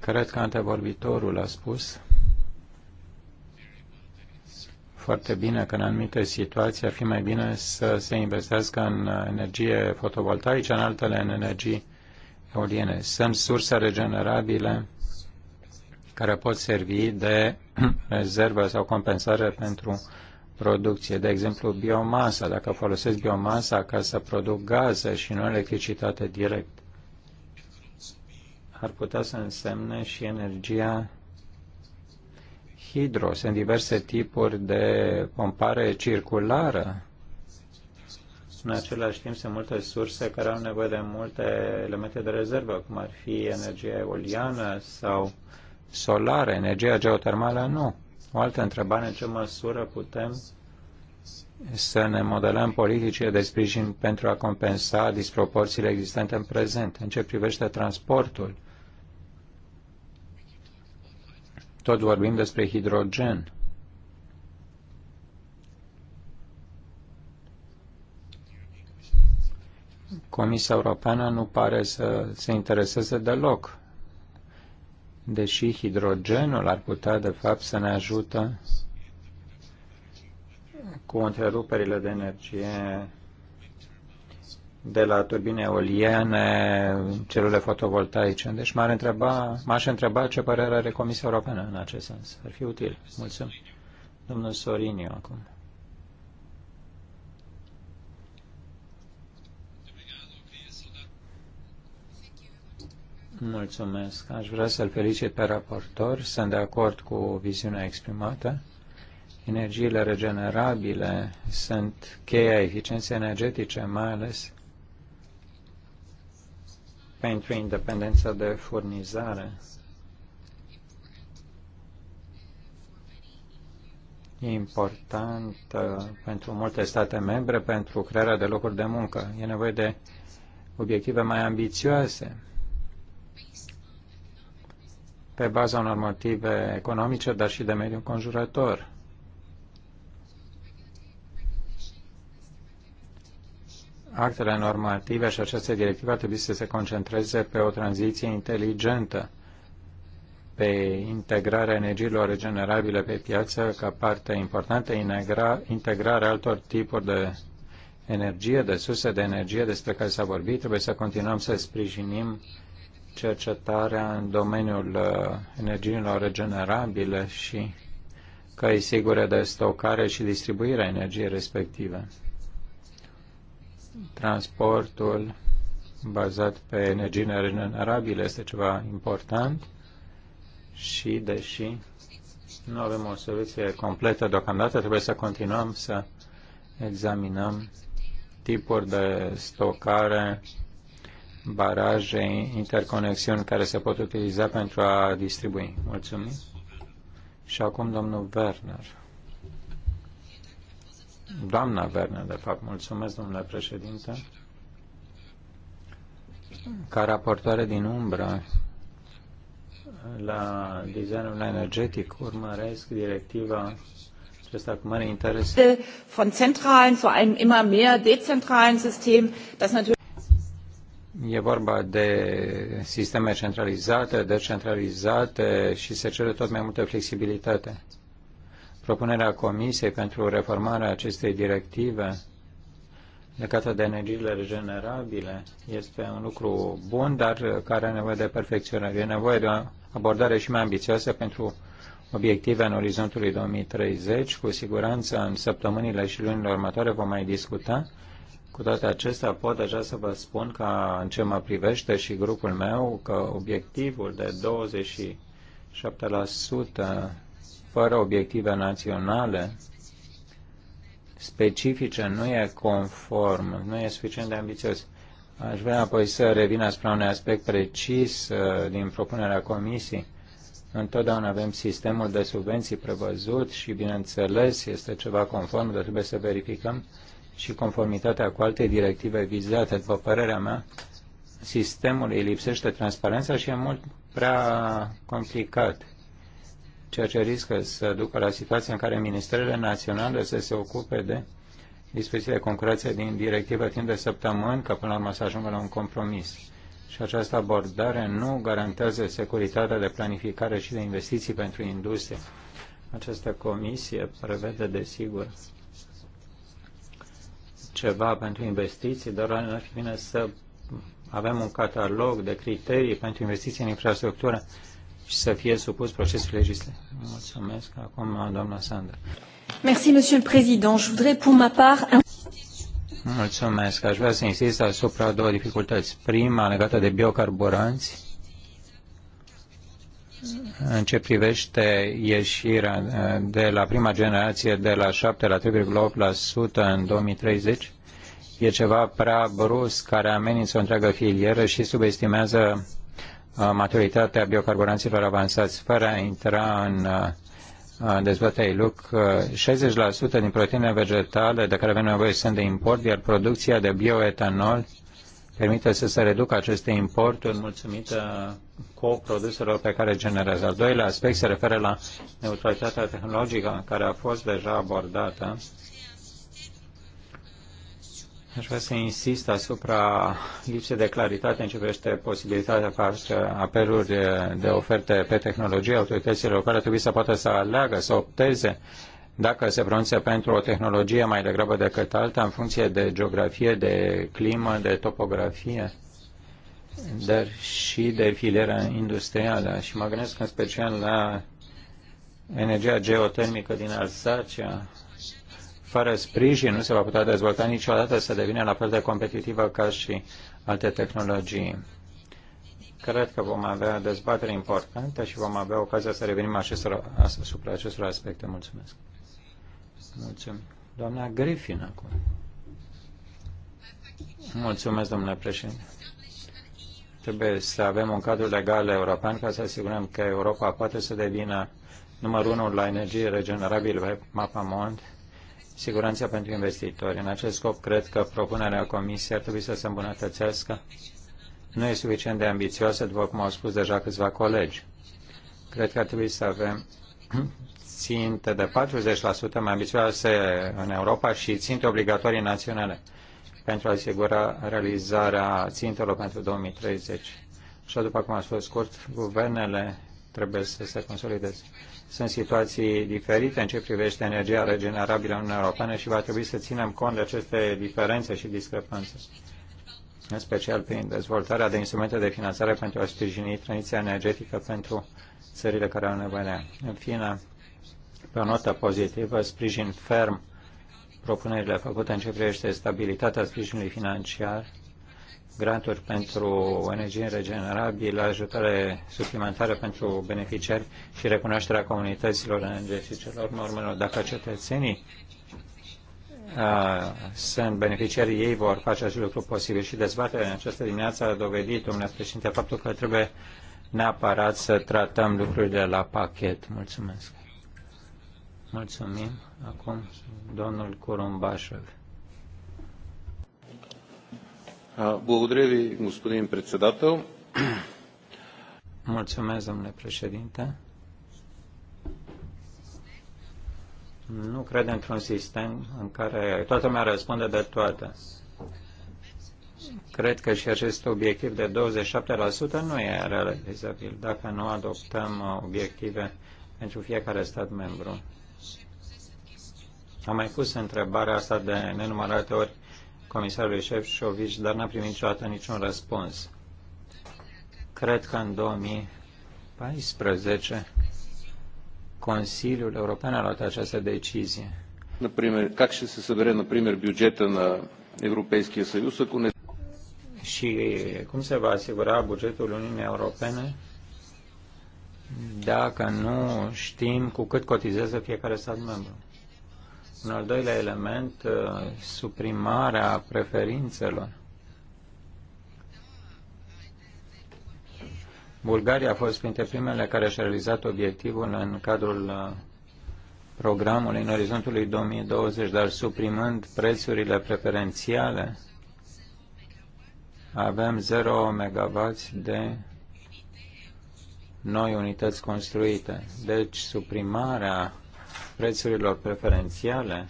Cred că antevorbitorul a spus foarte bine că în anumite situații ar fi mai bine să se investească în energie fotovoltaică, în altele în energii eoliene. Sunt surse regenerabile care pot servi de rezervă sau compensare pentru producție. De exemplu, biomasa, dacă folosesc biomasa ca să produc gaze și nu electricitate direct, ar putea să însemne și energia hidro. Sunt diverse tipuri de pompare circulară. În același timp, sunt multe surse care au nevoie de multe elemente de rezervă, cum ar fi energia eoliană sau solară, energia geotermală nu. O altă întrebare, în ce măsură putem să ne modelăm politicile de sprijin pentru a compensa disproporțiile existente în prezent. În ce privește transportul, Tot vorbim despre hidrogen. Comisia Europeană nu pare să se intereseze deloc, deși hidrogenul ar putea, de fapt, să ne ajută cu întreruperile de energie de la turbine eoliene, celule fotovoltaice. Deci m-ar întreba, m-aș întreba ce părere are Comisia Europeană în acest sens. Ar fi util. Mulțumesc. Domnul Soriniu, acum. Mulțumesc. Aș vrea să-l felicit pe raportor. Sunt de acord cu viziunea exprimată. Energiile regenerabile sunt cheia eficienței energetice, mai ales pentru independența de furnizare. E important pentru multe state membre, pentru crearea de locuri de muncă. E nevoie de obiective mai ambițioase pe baza unor motive economice, dar și de mediu conjurător. actele normative și această directivă ar trebui să se concentreze pe o tranziție inteligentă, pe integrarea energiilor regenerabile pe piață ca parte importantă, integra, integrarea altor tipuri de energie, de surse de energie despre care s-a vorbit. Trebuie să continuăm să sprijinim cercetarea în domeniul uh, energiilor regenerabile și căi sigure de stocare și distribuire a energiei respective transportul bazat pe energie regenerabile este ceva important și, deși nu avem o soluție completă deocamdată, trebuie să continuăm să examinăm tipuri de stocare, baraje, interconexiuni care se pot utiliza pentru a distribui. Mulțumim. Și acum domnul Werner. Doamna Verne, de fapt, mulțumesc, domnule președinte. Ca raportoare din umbră la designul energetic, urmăresc directiva acesta cu mare interes. Von centralen zu einem immer mehr dezentralen System, das natürlich E vorba de sisteme centralizate, decentralizate și se cere tot mai multă flexibilitate. Propunerea Comisiei pentru reformarea acestei directive legată de energiile regenerabile este un lucru bun, dar care are nevoie de perfecționare. E nevoie de o abordare și mai ambițioasă pentru obiective în orizontului 2030. Cu siguranță în săptămânile și lunile următoare vom mai discuta. Cu toate acestea pot deja să vă spun că în ce mă privește și grupul meu că obiectivul de 27% fără obiective naționale specifice nu e conform, nu e suficient de ambițios. Aș vrea apoi să revin asupra unui aspect precis uh, din propunerea comisiei. Întotdeauna avem sistemul de subvenții prevăzut și, bineînțeles, este ceva conform, dar trebuie să verificăm și conformitatea cu alte directive vizate. După părerea mea, sistemul îi lipsește transparența și e mult prea complicat ceea ce riscă să ducă la situația în care ministerele naționale să se ocupe de dispoziții de concurență din directivă timp de săptămâni, că până la urmă să ajungă la un compromis. Și această abordare nu garantează securitatea de planificare și de investiții pentru industrie. Această comisie prevede, desigur, ceva pentru investiții, dar ar fi bine să avem un catalog de criterii pentru investiții în infrastructură și să fie supus procesul legislativ. Mulțumesc. Acum, doamna Sandra. Merci, monsieur le président. Je voudrais, pour ma part, Mulțumesc. Aș vrea să insist asupra două dificultăți. Prima, legată de biocarburanți, în ce privește ieșirea eh, de la prima generație de la 7 la 3,8% în 2030, e ceva prea brusc care amenință o întreagă filieră și subestimează Uh, maturitatea biocarburanților avansați, fără a intra în uh, dezbaterea luc. 60% uh, din proteine vegetale de care avem nevoie sunt de import, iar producția de bioetanol permite să se reducă aceste importuri mulțumită produselor pe care generează. Al doilea aspect se referă la neutralitatea tehnologică care a fost deja abordată Aș vrea să insist asupra lipsei de claritate în ce privește posibilitatea face apeluri eh, de oferte pe tehnologie. Autoritățile locale trebuie să poată să aleagă, să opteze dacă se pronunță pentru o tehnologie mai degrabă decât alta, în funcție de geografie, de climă, de topografie, dar și de filiera industrială. Și mă gândesc în special la energia geotermică din Alsacea, fără sprijin nu se va putea dezvolta niciodată să devină la fel de competitivă ca și alte tehnologii. Cred că vom avea dezbatere importantă și vom avea ocazia să revenim acestor, asupra acestor aspecte. Mulțumesc. Mulțumim. Doamna Griffin acum. Mulțumesc, domnule președinte. Trebuie să avem un cadru legal european ca să asigurăm că Europa poate să devină numărul unu la energie regenerabilă pe mapa mond siguranța pentru investitori. În acest scop, cred că propunerea Comisiei ar trebui să se îmbunătățească. Nu e suficient de ambițioasă, după cum au spus deja câțiva colegi. Cred că ar trebui să avem ținte de 40% mai ambițioase în Europa și ținte obligatorii naționale pentru a asigura realizarea țintelor pentru 2030. Și după cum am spus scurt, guvernele trebuie să se consolideze. Sunt situații diferite în ce privește energia regenerabilă în Uniunea Europeană și va trebui să ținem cont de aceste diferențe și discrepanțe, în special prin dezvoltarea de instrumente de finanțare pentru a sprijini tranziția energetică pentru țările care au nevoie de ea. În fine, pe o notă pozitivă, sprijin ferm propunerile făcute în ce privește stabilitatea sprijinului financiar granturi pentru energie regenerabilă, ajutare suplimentare pentru beneficiari și recunoașterea comunităților energetice. La urmă, urmelor, dacă cetățenii uh, sunt beneficiarii ei, vor face acest lucru posibil. Și dezbaterea în această dimineață a dovedit, domnule președinte, faptul că trebuie neapărat să tratăm lucrurile la pachet. Mulțumesc. Mulțumim. Acum, domnul Curumbașov. Благодаря ви, господин председател. Mulțumesc, domnule președinte. Nu cred într-un sistem în care toată lumea răspunde de toate. Cred că și acest obiectiv de 27% nu e realizabil dacă nu adoptăm uh, obiective pentru fiecare stat membru. Am mai pus întrebarea asta de nenumărate ori comisarului Șefșovici, dar n-a primit niciodată niciun răspuns. Cred că în 2014 Consiliul European a luat această decizie. Și cum se va asigura bugetul Uniunii Europene dacă nu știm cu cât cotizează fiecare stat membru? Un al doilea element, uh, suprimarea preferințelor. Bulgaria a fost printre primele care și-a realizat obiectivul în cadrul uh, programului în orizontului 2020, dar suprimând prețurile preferențiale, avem 0 MW de noi unități construite. Deci suprimarea prețurilor preferențiale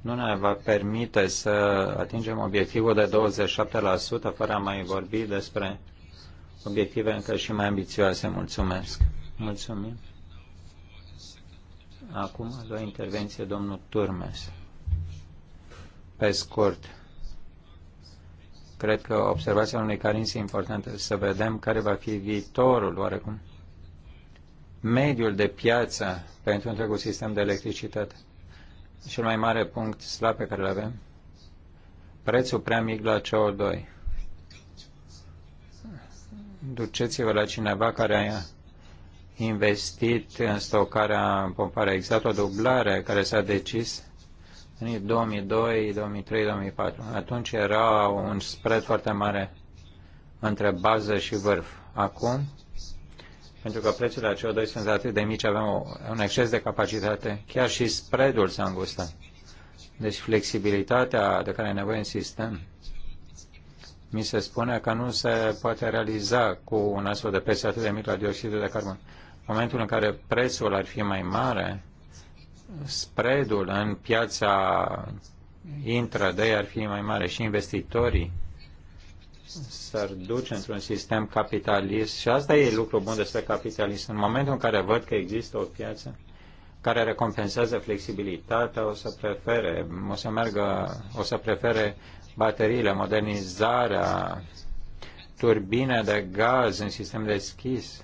nu ne va permite să atingem obiectivul de 27% fără a mai vorbi despre obiective încă și mai ambițioase. Mulțumesc. Mulțumim. Acum a doua intervenție domnul Turmes. Pe scurt, cred că observația unui carinț importantă să vedem care va fi viitorul oarecum mediul de piață pentru întregul sistem de electricitate. Cel mai mare punct slab pe care îl avem, prețul prea mic la CO2. Duceți-vă la cineva care a investit în stocarea în pompare. exact o dublare care s-a decis în 2002, 2003, 2004. Atunci era un spread foarte mare între bază și vârf. Acum pentru că prețurile la CO2 sunt atât de mici, avem o, un exces de capacitate, chiar și spreadul s-a îngustat. Deci flexibilitatea de care e nevoie în sistem, mi se spune că nu se poate realiza cu un astfel de preț atât de mic la dioxidul de carbon. În momentul în care prețul ar fi mai mare, spreadul în piața intraday ar fi mai mare și investitorii s-ar duce într-un sistem capitalist și asta e lucru bun despre capitalism. În momentul în care văd că există o piață care recompensează flexibilitatea, o să prefere, o să meargă, o să prefere bateriile, modernizarea, turbine de gaz în sistem deschis.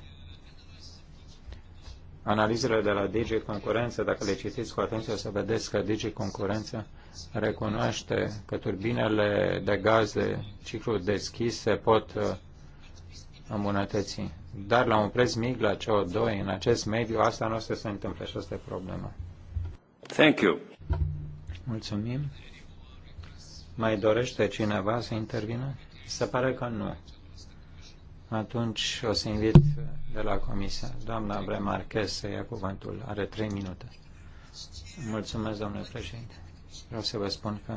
Analizele de la Digi Concurență, dacă le citiți cu atenție, o să vedeți că Digi Concurență recunoaște că turbinele de gaze, ciclu deschis se pot uh, îmbunătăți. Dar la un preț mic la CO2 în acest mediu, asta nu o să se întâmple și asta e problema. Thank you. Mulțumim. Mai dorește cineva să intervină? Se pare că nu. Atunci o să invit de la Comisia. Doamna Bremarchez să ia cuvântul. Are trei minute. Mulțumesc, domnule președinte. Vreau să vă spun că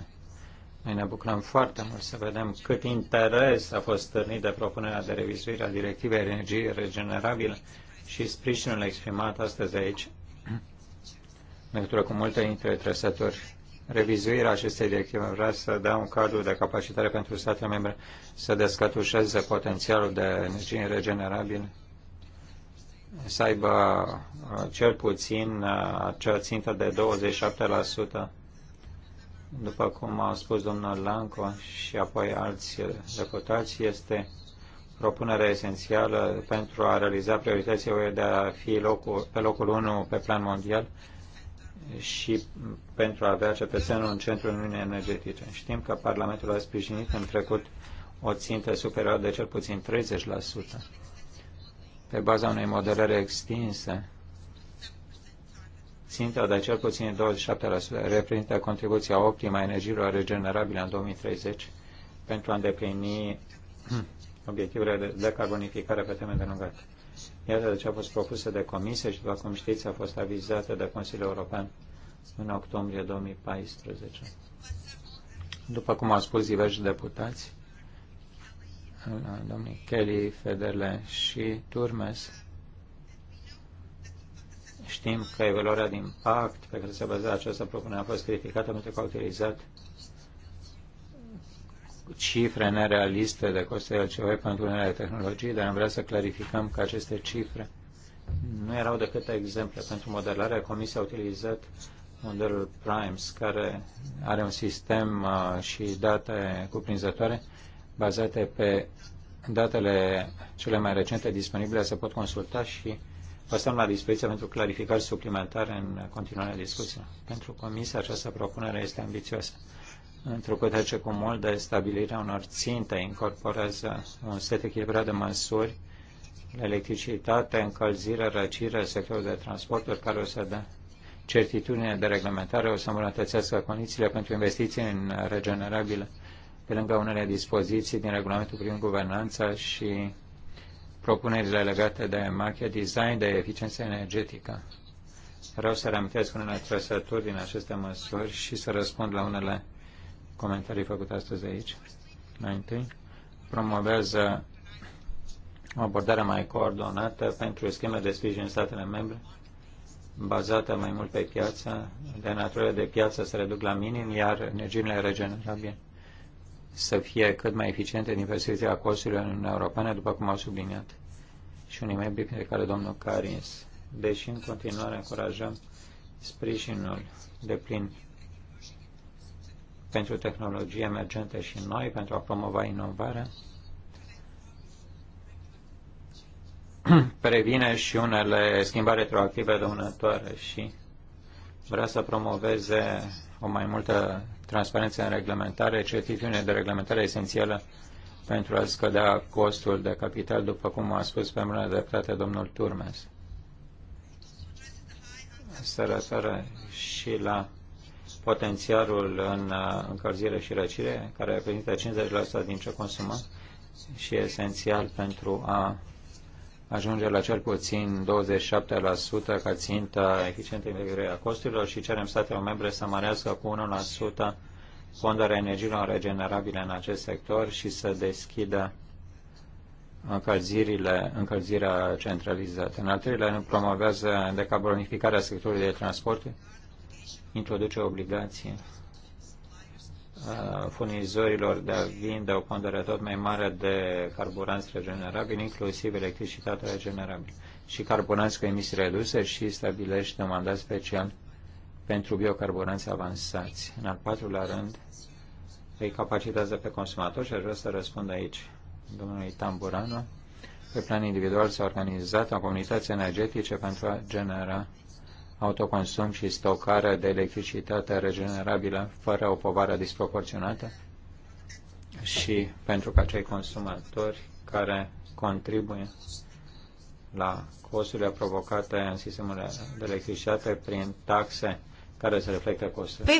noi ne bucurăm foarte mult să vedem cât interes a fost stârnit de propunerea de revizuire a Directivei Energiei Regenerabile și sprijinul exprimat astăzi aici în legătură cu multe dintre trăsături. Revizuirea acestei directive vrea să dea un cadru de capacitare pentru statele membre să descătușeze potențialul de energie regenerabilă, să aibă uh, cel puțin uh, acea țintă de 27% după cum a spus domnul Lanco și apoi alți deputați, este propunerea esențială pentru a realiza prioritățile UE de a fi locul, pe locul 1 pe plan mondial și pentru a avea cetățenul în centrul Uniunii Energetice. Știm că Parlamentul a sprijinit în trecut o țintă superioară de cel puțin 30% pe baza unei modelări extinse ținta de cel puțin 27% reprezintă contribuția optimă a energiilor regenerabile în 2030 pentru a îndeplini obiectivele de decarbonificare pe termen de lungat. Iată de ce a fost propusă de comisie și, după cum știți, a fost avizată de Consiliul European în octombrie 2014. După cum au spus diversi deputați, domnii Kelly, Federle și Turmes, Știm că evaluarea de impact pe care se baza această propunere a fost criticată pentru că a utilizat cifre nerealiste de costuri LCV pentru unele tehnologii, dar am vrea să clarificăm că aceste cifre nu erau decât exemple. Pentru modelare, Comisia a utilizat modelul Primes, care are un sistem uh, și date cuprinzătoare bazate pe datele cele mai recente disponibile, se pot consulta și Vă la dispoziție pentru clarificări suplimentare în continuarea discuției. Pentru comisie această propunere este ambițioasă întrucât ce cu mult de stabilirea unor ținte, incorporează un set echilibrat de măsuri, electricitate, încălzire, răcire, sectorul de transporturi, care o să dă certitudine de reglementare, o să îmbunătățească condițiile pentru investiții în regenerabile, pe lângă unele dispoziții din regulamentul privind guvernanța și propunerile legate de market design, de eficiență energetică. Vreau să reamintesc unele trăsături din aceste măsuri și să răspund la unele comentarii făcute astăzi aici. Mai întâi, promovează o abordare mai coordonată pentru scheme de sprijin în statele membre, bazată mai mult pe piață, de natură de piață să reduc la minim, iar energiile regenerabile să fie cât mai eficiente din perspectiva costurilor în Uniunea Europeană, după cum au subliniat și unii membri, pe care domnul Carins. Deși în continuare încurajăm sprijinul de plin pentru tehnologie emergente și noi, pentru a promova inovarea, previne și unele schimbări retroactive dăunătoare și vrea să promoveze o mai multă transparență în reglementare, certitudine de reglementare esențială pentru a scădea costul de capital, după cum a spus pe mână dreptate domnul Turmes. Se referă și la potențialul în uh, încălzire și răcire, care reprezintă 50% din ce consumăm și esențial pentru a ajunge la cel puțin 27% ca țintă eficientă integrare a costurilor și cerem statelor membre să mărească cu 1% ponderea energiilor regenerabile în acest sector și să deschidă încălzirile, încălzirea centralizată. În al treilea rând, promovează decarbonificarea sectorului de transport, introduce obligații furnizorilor de a vinde o pondere tot mai mare de carburanți regenerabili, inclusiv electricitate regenerabilă și carburanți cu emisii reduse și stabilește un mandat special pentru biocarburanți avansați. În al patrulea rând, îi capacitează pe consumator și aș vrea să răspund aici domnului Tamburano. Pe plan individual s-a organizat o comunitate energetice pentru a genera autoconsum și stocare de electricitate regenerabilă fără o povară disproporționată și pentru ca cei consumatori care contribuie la costurile provocate în sistemul de electricitate prin taxe care se reflectă costurile.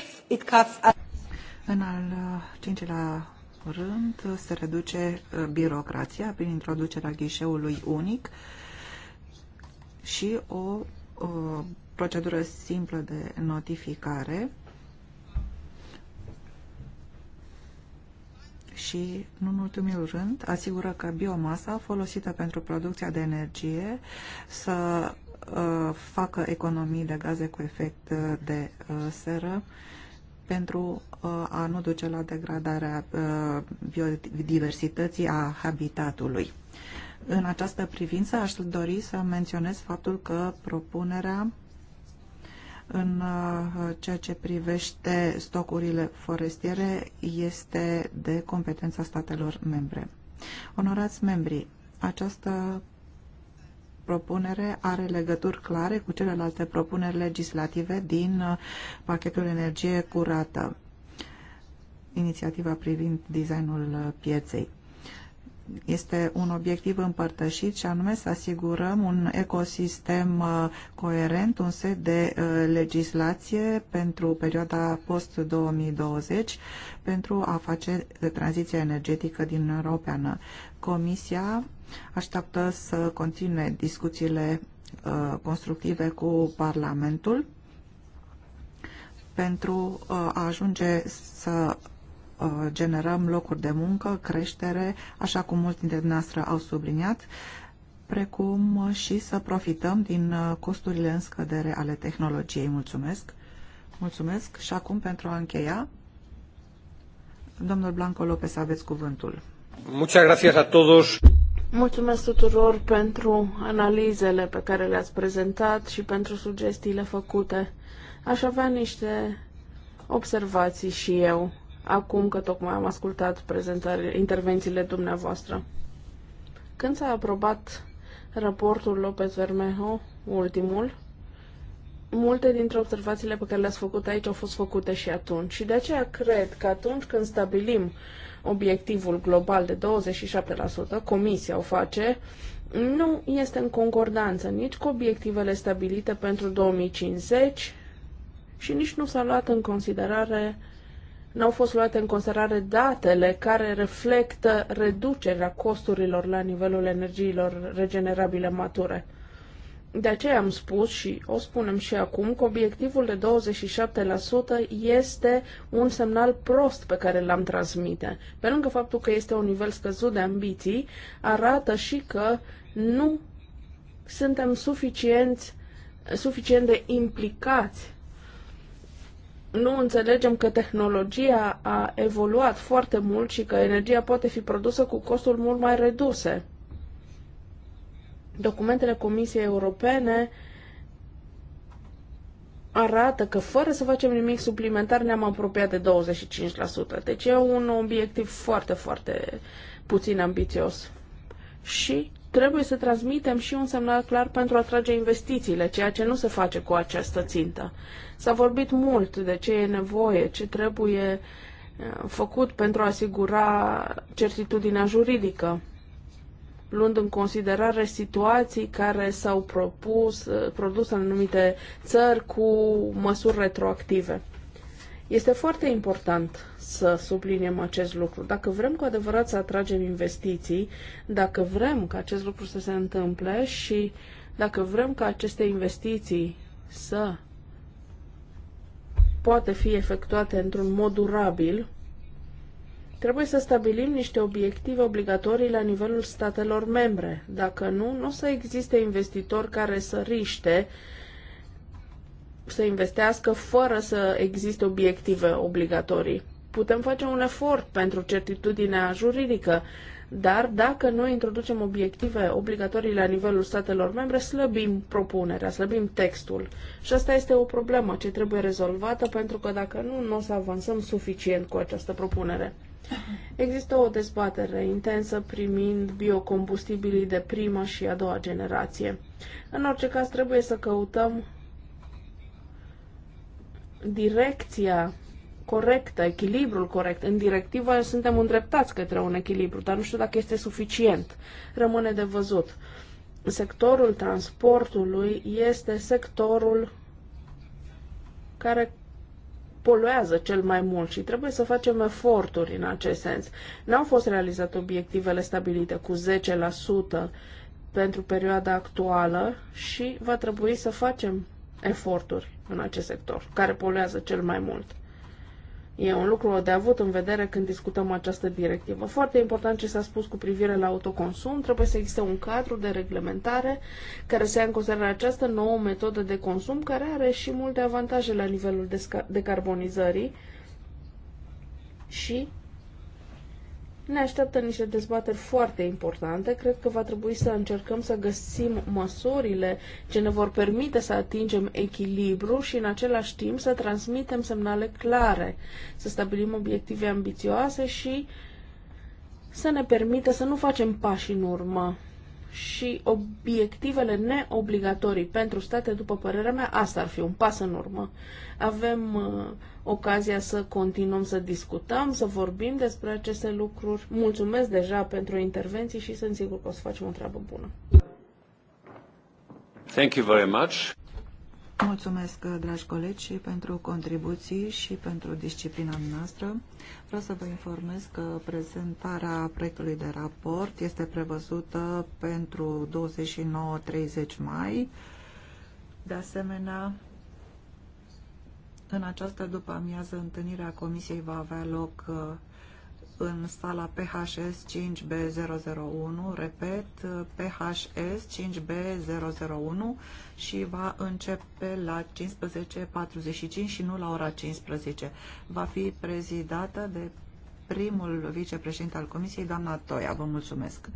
În al cincilea rând se reduce uh, birocrația prin introducerea ghișeului unic și o uh, procedură simplă de notificare și, nu în ultimul rând, asigură că biomasa folosită pentru producția de energie să uh, facă economii de gaze cu efect de uh, seră pentru uh, a nu duce la degradarea uh, biodiversității a habitatului. În această privință aș dori să menționez faptul că propunerea în uh, ceea ce privește stocurile forestiere este de competența statelor membre. Onorați membri, această propunere are legături clare cu celelalte propuneri legislative din uh, pachetul energie curată, inițiativa privind designul uh, pieței este un obiectiv împărtășit și anume să asigurăm un ecosistem uh, coerent, un set de uh, legislație pentru perioada post-2020 pentru a face tranziția energetică din Europeană. Comisia așteaptă să continue discuțiile uh, constructive cu Parlamentul pentru a ajunge să Uh, generăm locuri de muncă, creștere, așa cum mulți dintre dumneavoastră au subliniat, precum și să profităm din uh, costurile în scădere ale tehnologiei. Mulțumesc! Mulțumesc și acum pentru a încheia, domnul Blanco Lopez, aveți cuvântul. Muchas gracias a todos. Mulțumesc tuturor pentru analizele pe care le-ați prezentat și pentru sugestiile făcute. Aș avea niște observații și eu acum că tocmai am ascultat prezentările, intervențiile dumneavoastră. Când s-a aprobat raportul Lopez Vermejo, ultimul, multe dintre observațiile pe care le-ați făcut aici au fost făcute și atunci. Și de aceea cred că atunci când stabilim obiectivul global de 27%, Comisia o face, nu este în concordanță nici cu obiectivele stabilite pentru 2050 și nici nu s-a luat în considerare n-au fost luate în considerare datele care reflectă reducerea costurilor la nivelul energiilor regenerabile mature. De aceea am spus și o spunem și acum că obiectivul de 27% este un semnal prost pe care l-am transmite. Pe lângă faptul că este un nivel scăzut de ambiții, arată și că nu suntem suficienți, suficient de implicați nu înțelegem că tehnologia a evoluat foarte mult și că energia poate fi produsă cu costuri mult mai reduse. Documentele Comisiei Europene arată că fără să facem nimic suplimentar ne-am apropiat de 25%. Deci e un obiectiv foarte, foarte puțin ambițios. Și Trebuie să transmitem și un semnal clar pentru a atrage investițiile, ceea ce nu se face cu această țintă. S-a vorbit mult de ce e nevoie, ce trebuie eh, făcut pentru a asigura certitudinea juridică, luând în considerare situații care s-au propus, eh, produs în anumite țări cu măsuri retroactive. Este foarte important să subliniem acest lucru. Dacă vrem cu adevărat să atragem investiții, dacă vrem ca acest lucru să se întâmple și dacă vrem ca aceste investiții să poată fi efectuate într-un mod durabil, trebuie să stabilim niște obiective obligatorii la nivelul statelor membre. Dacă nu, nu o să existe investitori care să riște să investească fără să existe obiective obligatorii. Putem face un efort pentru certitudinea juridică, dar dacă noi introducem obiective obligatorii la nivelul statelor membre, slăbim propunerea, slăbim textul. Și asta este o problemă ce trebuie rezolvată, pentru că dacă nu, nu o să avansăm suficient cu această propunere. Există o dezbatere intensă primind biocombustibilii de prima și a doua generație. În orice caz, trebuie să căutăm direcția corectă, echilibrul corect. În directivă suntem îndreptați către un echilibru, dar nu știu dacă este suficient. Rămâne de văzut. Sectorul transportului este sectorul care poluează cel mai mult și trebuie să facem eforturi în acest sens. N-au fost realizate obiectivele stabilite cu 10% pentru perioada actuală și va trebui să facem eforturi în acest sector, care poluează cel mai mult. E un lucru de avut în vedere când discutăm această directivă. Foarte important ce s-a spus cu privire la autoconsum, trebuie să existe un cadru de reglementare care să ia în considerare această nouă metodă de consum, care are și multe avantaje la nivelul decarbonizării și ne așteaptă niște dezbateri foarte importante. Cred că va trebui să încercăm să găsim măsurile ce ne vor permite să atingem echilibru și în același timp să transmitem semnale clare, să stabilim obiective ambițioase și să ne permită să nu facem pași în urmă. Și obiectivele neobligatorii pentru state, după părerea mea, asta ar fi un pas în urmă. Avem uh, ocazia să continuăm să discutăm, să vorbim despre aceste lucruri. Mulțumesc deja pentru intervenții și sunt sigur că o să facem o treabă bună. Thank you very much. Mulțumesc, dragi colegi, și pentru contribuții și pentru disciplina noastră. Vreau să vă informez că prezentarea proiectului de raport este prevăzută pentru 29-30 mai. De asemenea, în această după-amiază, întâlnirea comisiei va avea loc uh, în sala PHS 5B001, repet, PHS 5B001 și va începe la 15.45 și nu la ora 15. Va fi prezidată de primul vicepreședinte al Comisiei, doamna Toia. Vă mulțumesc!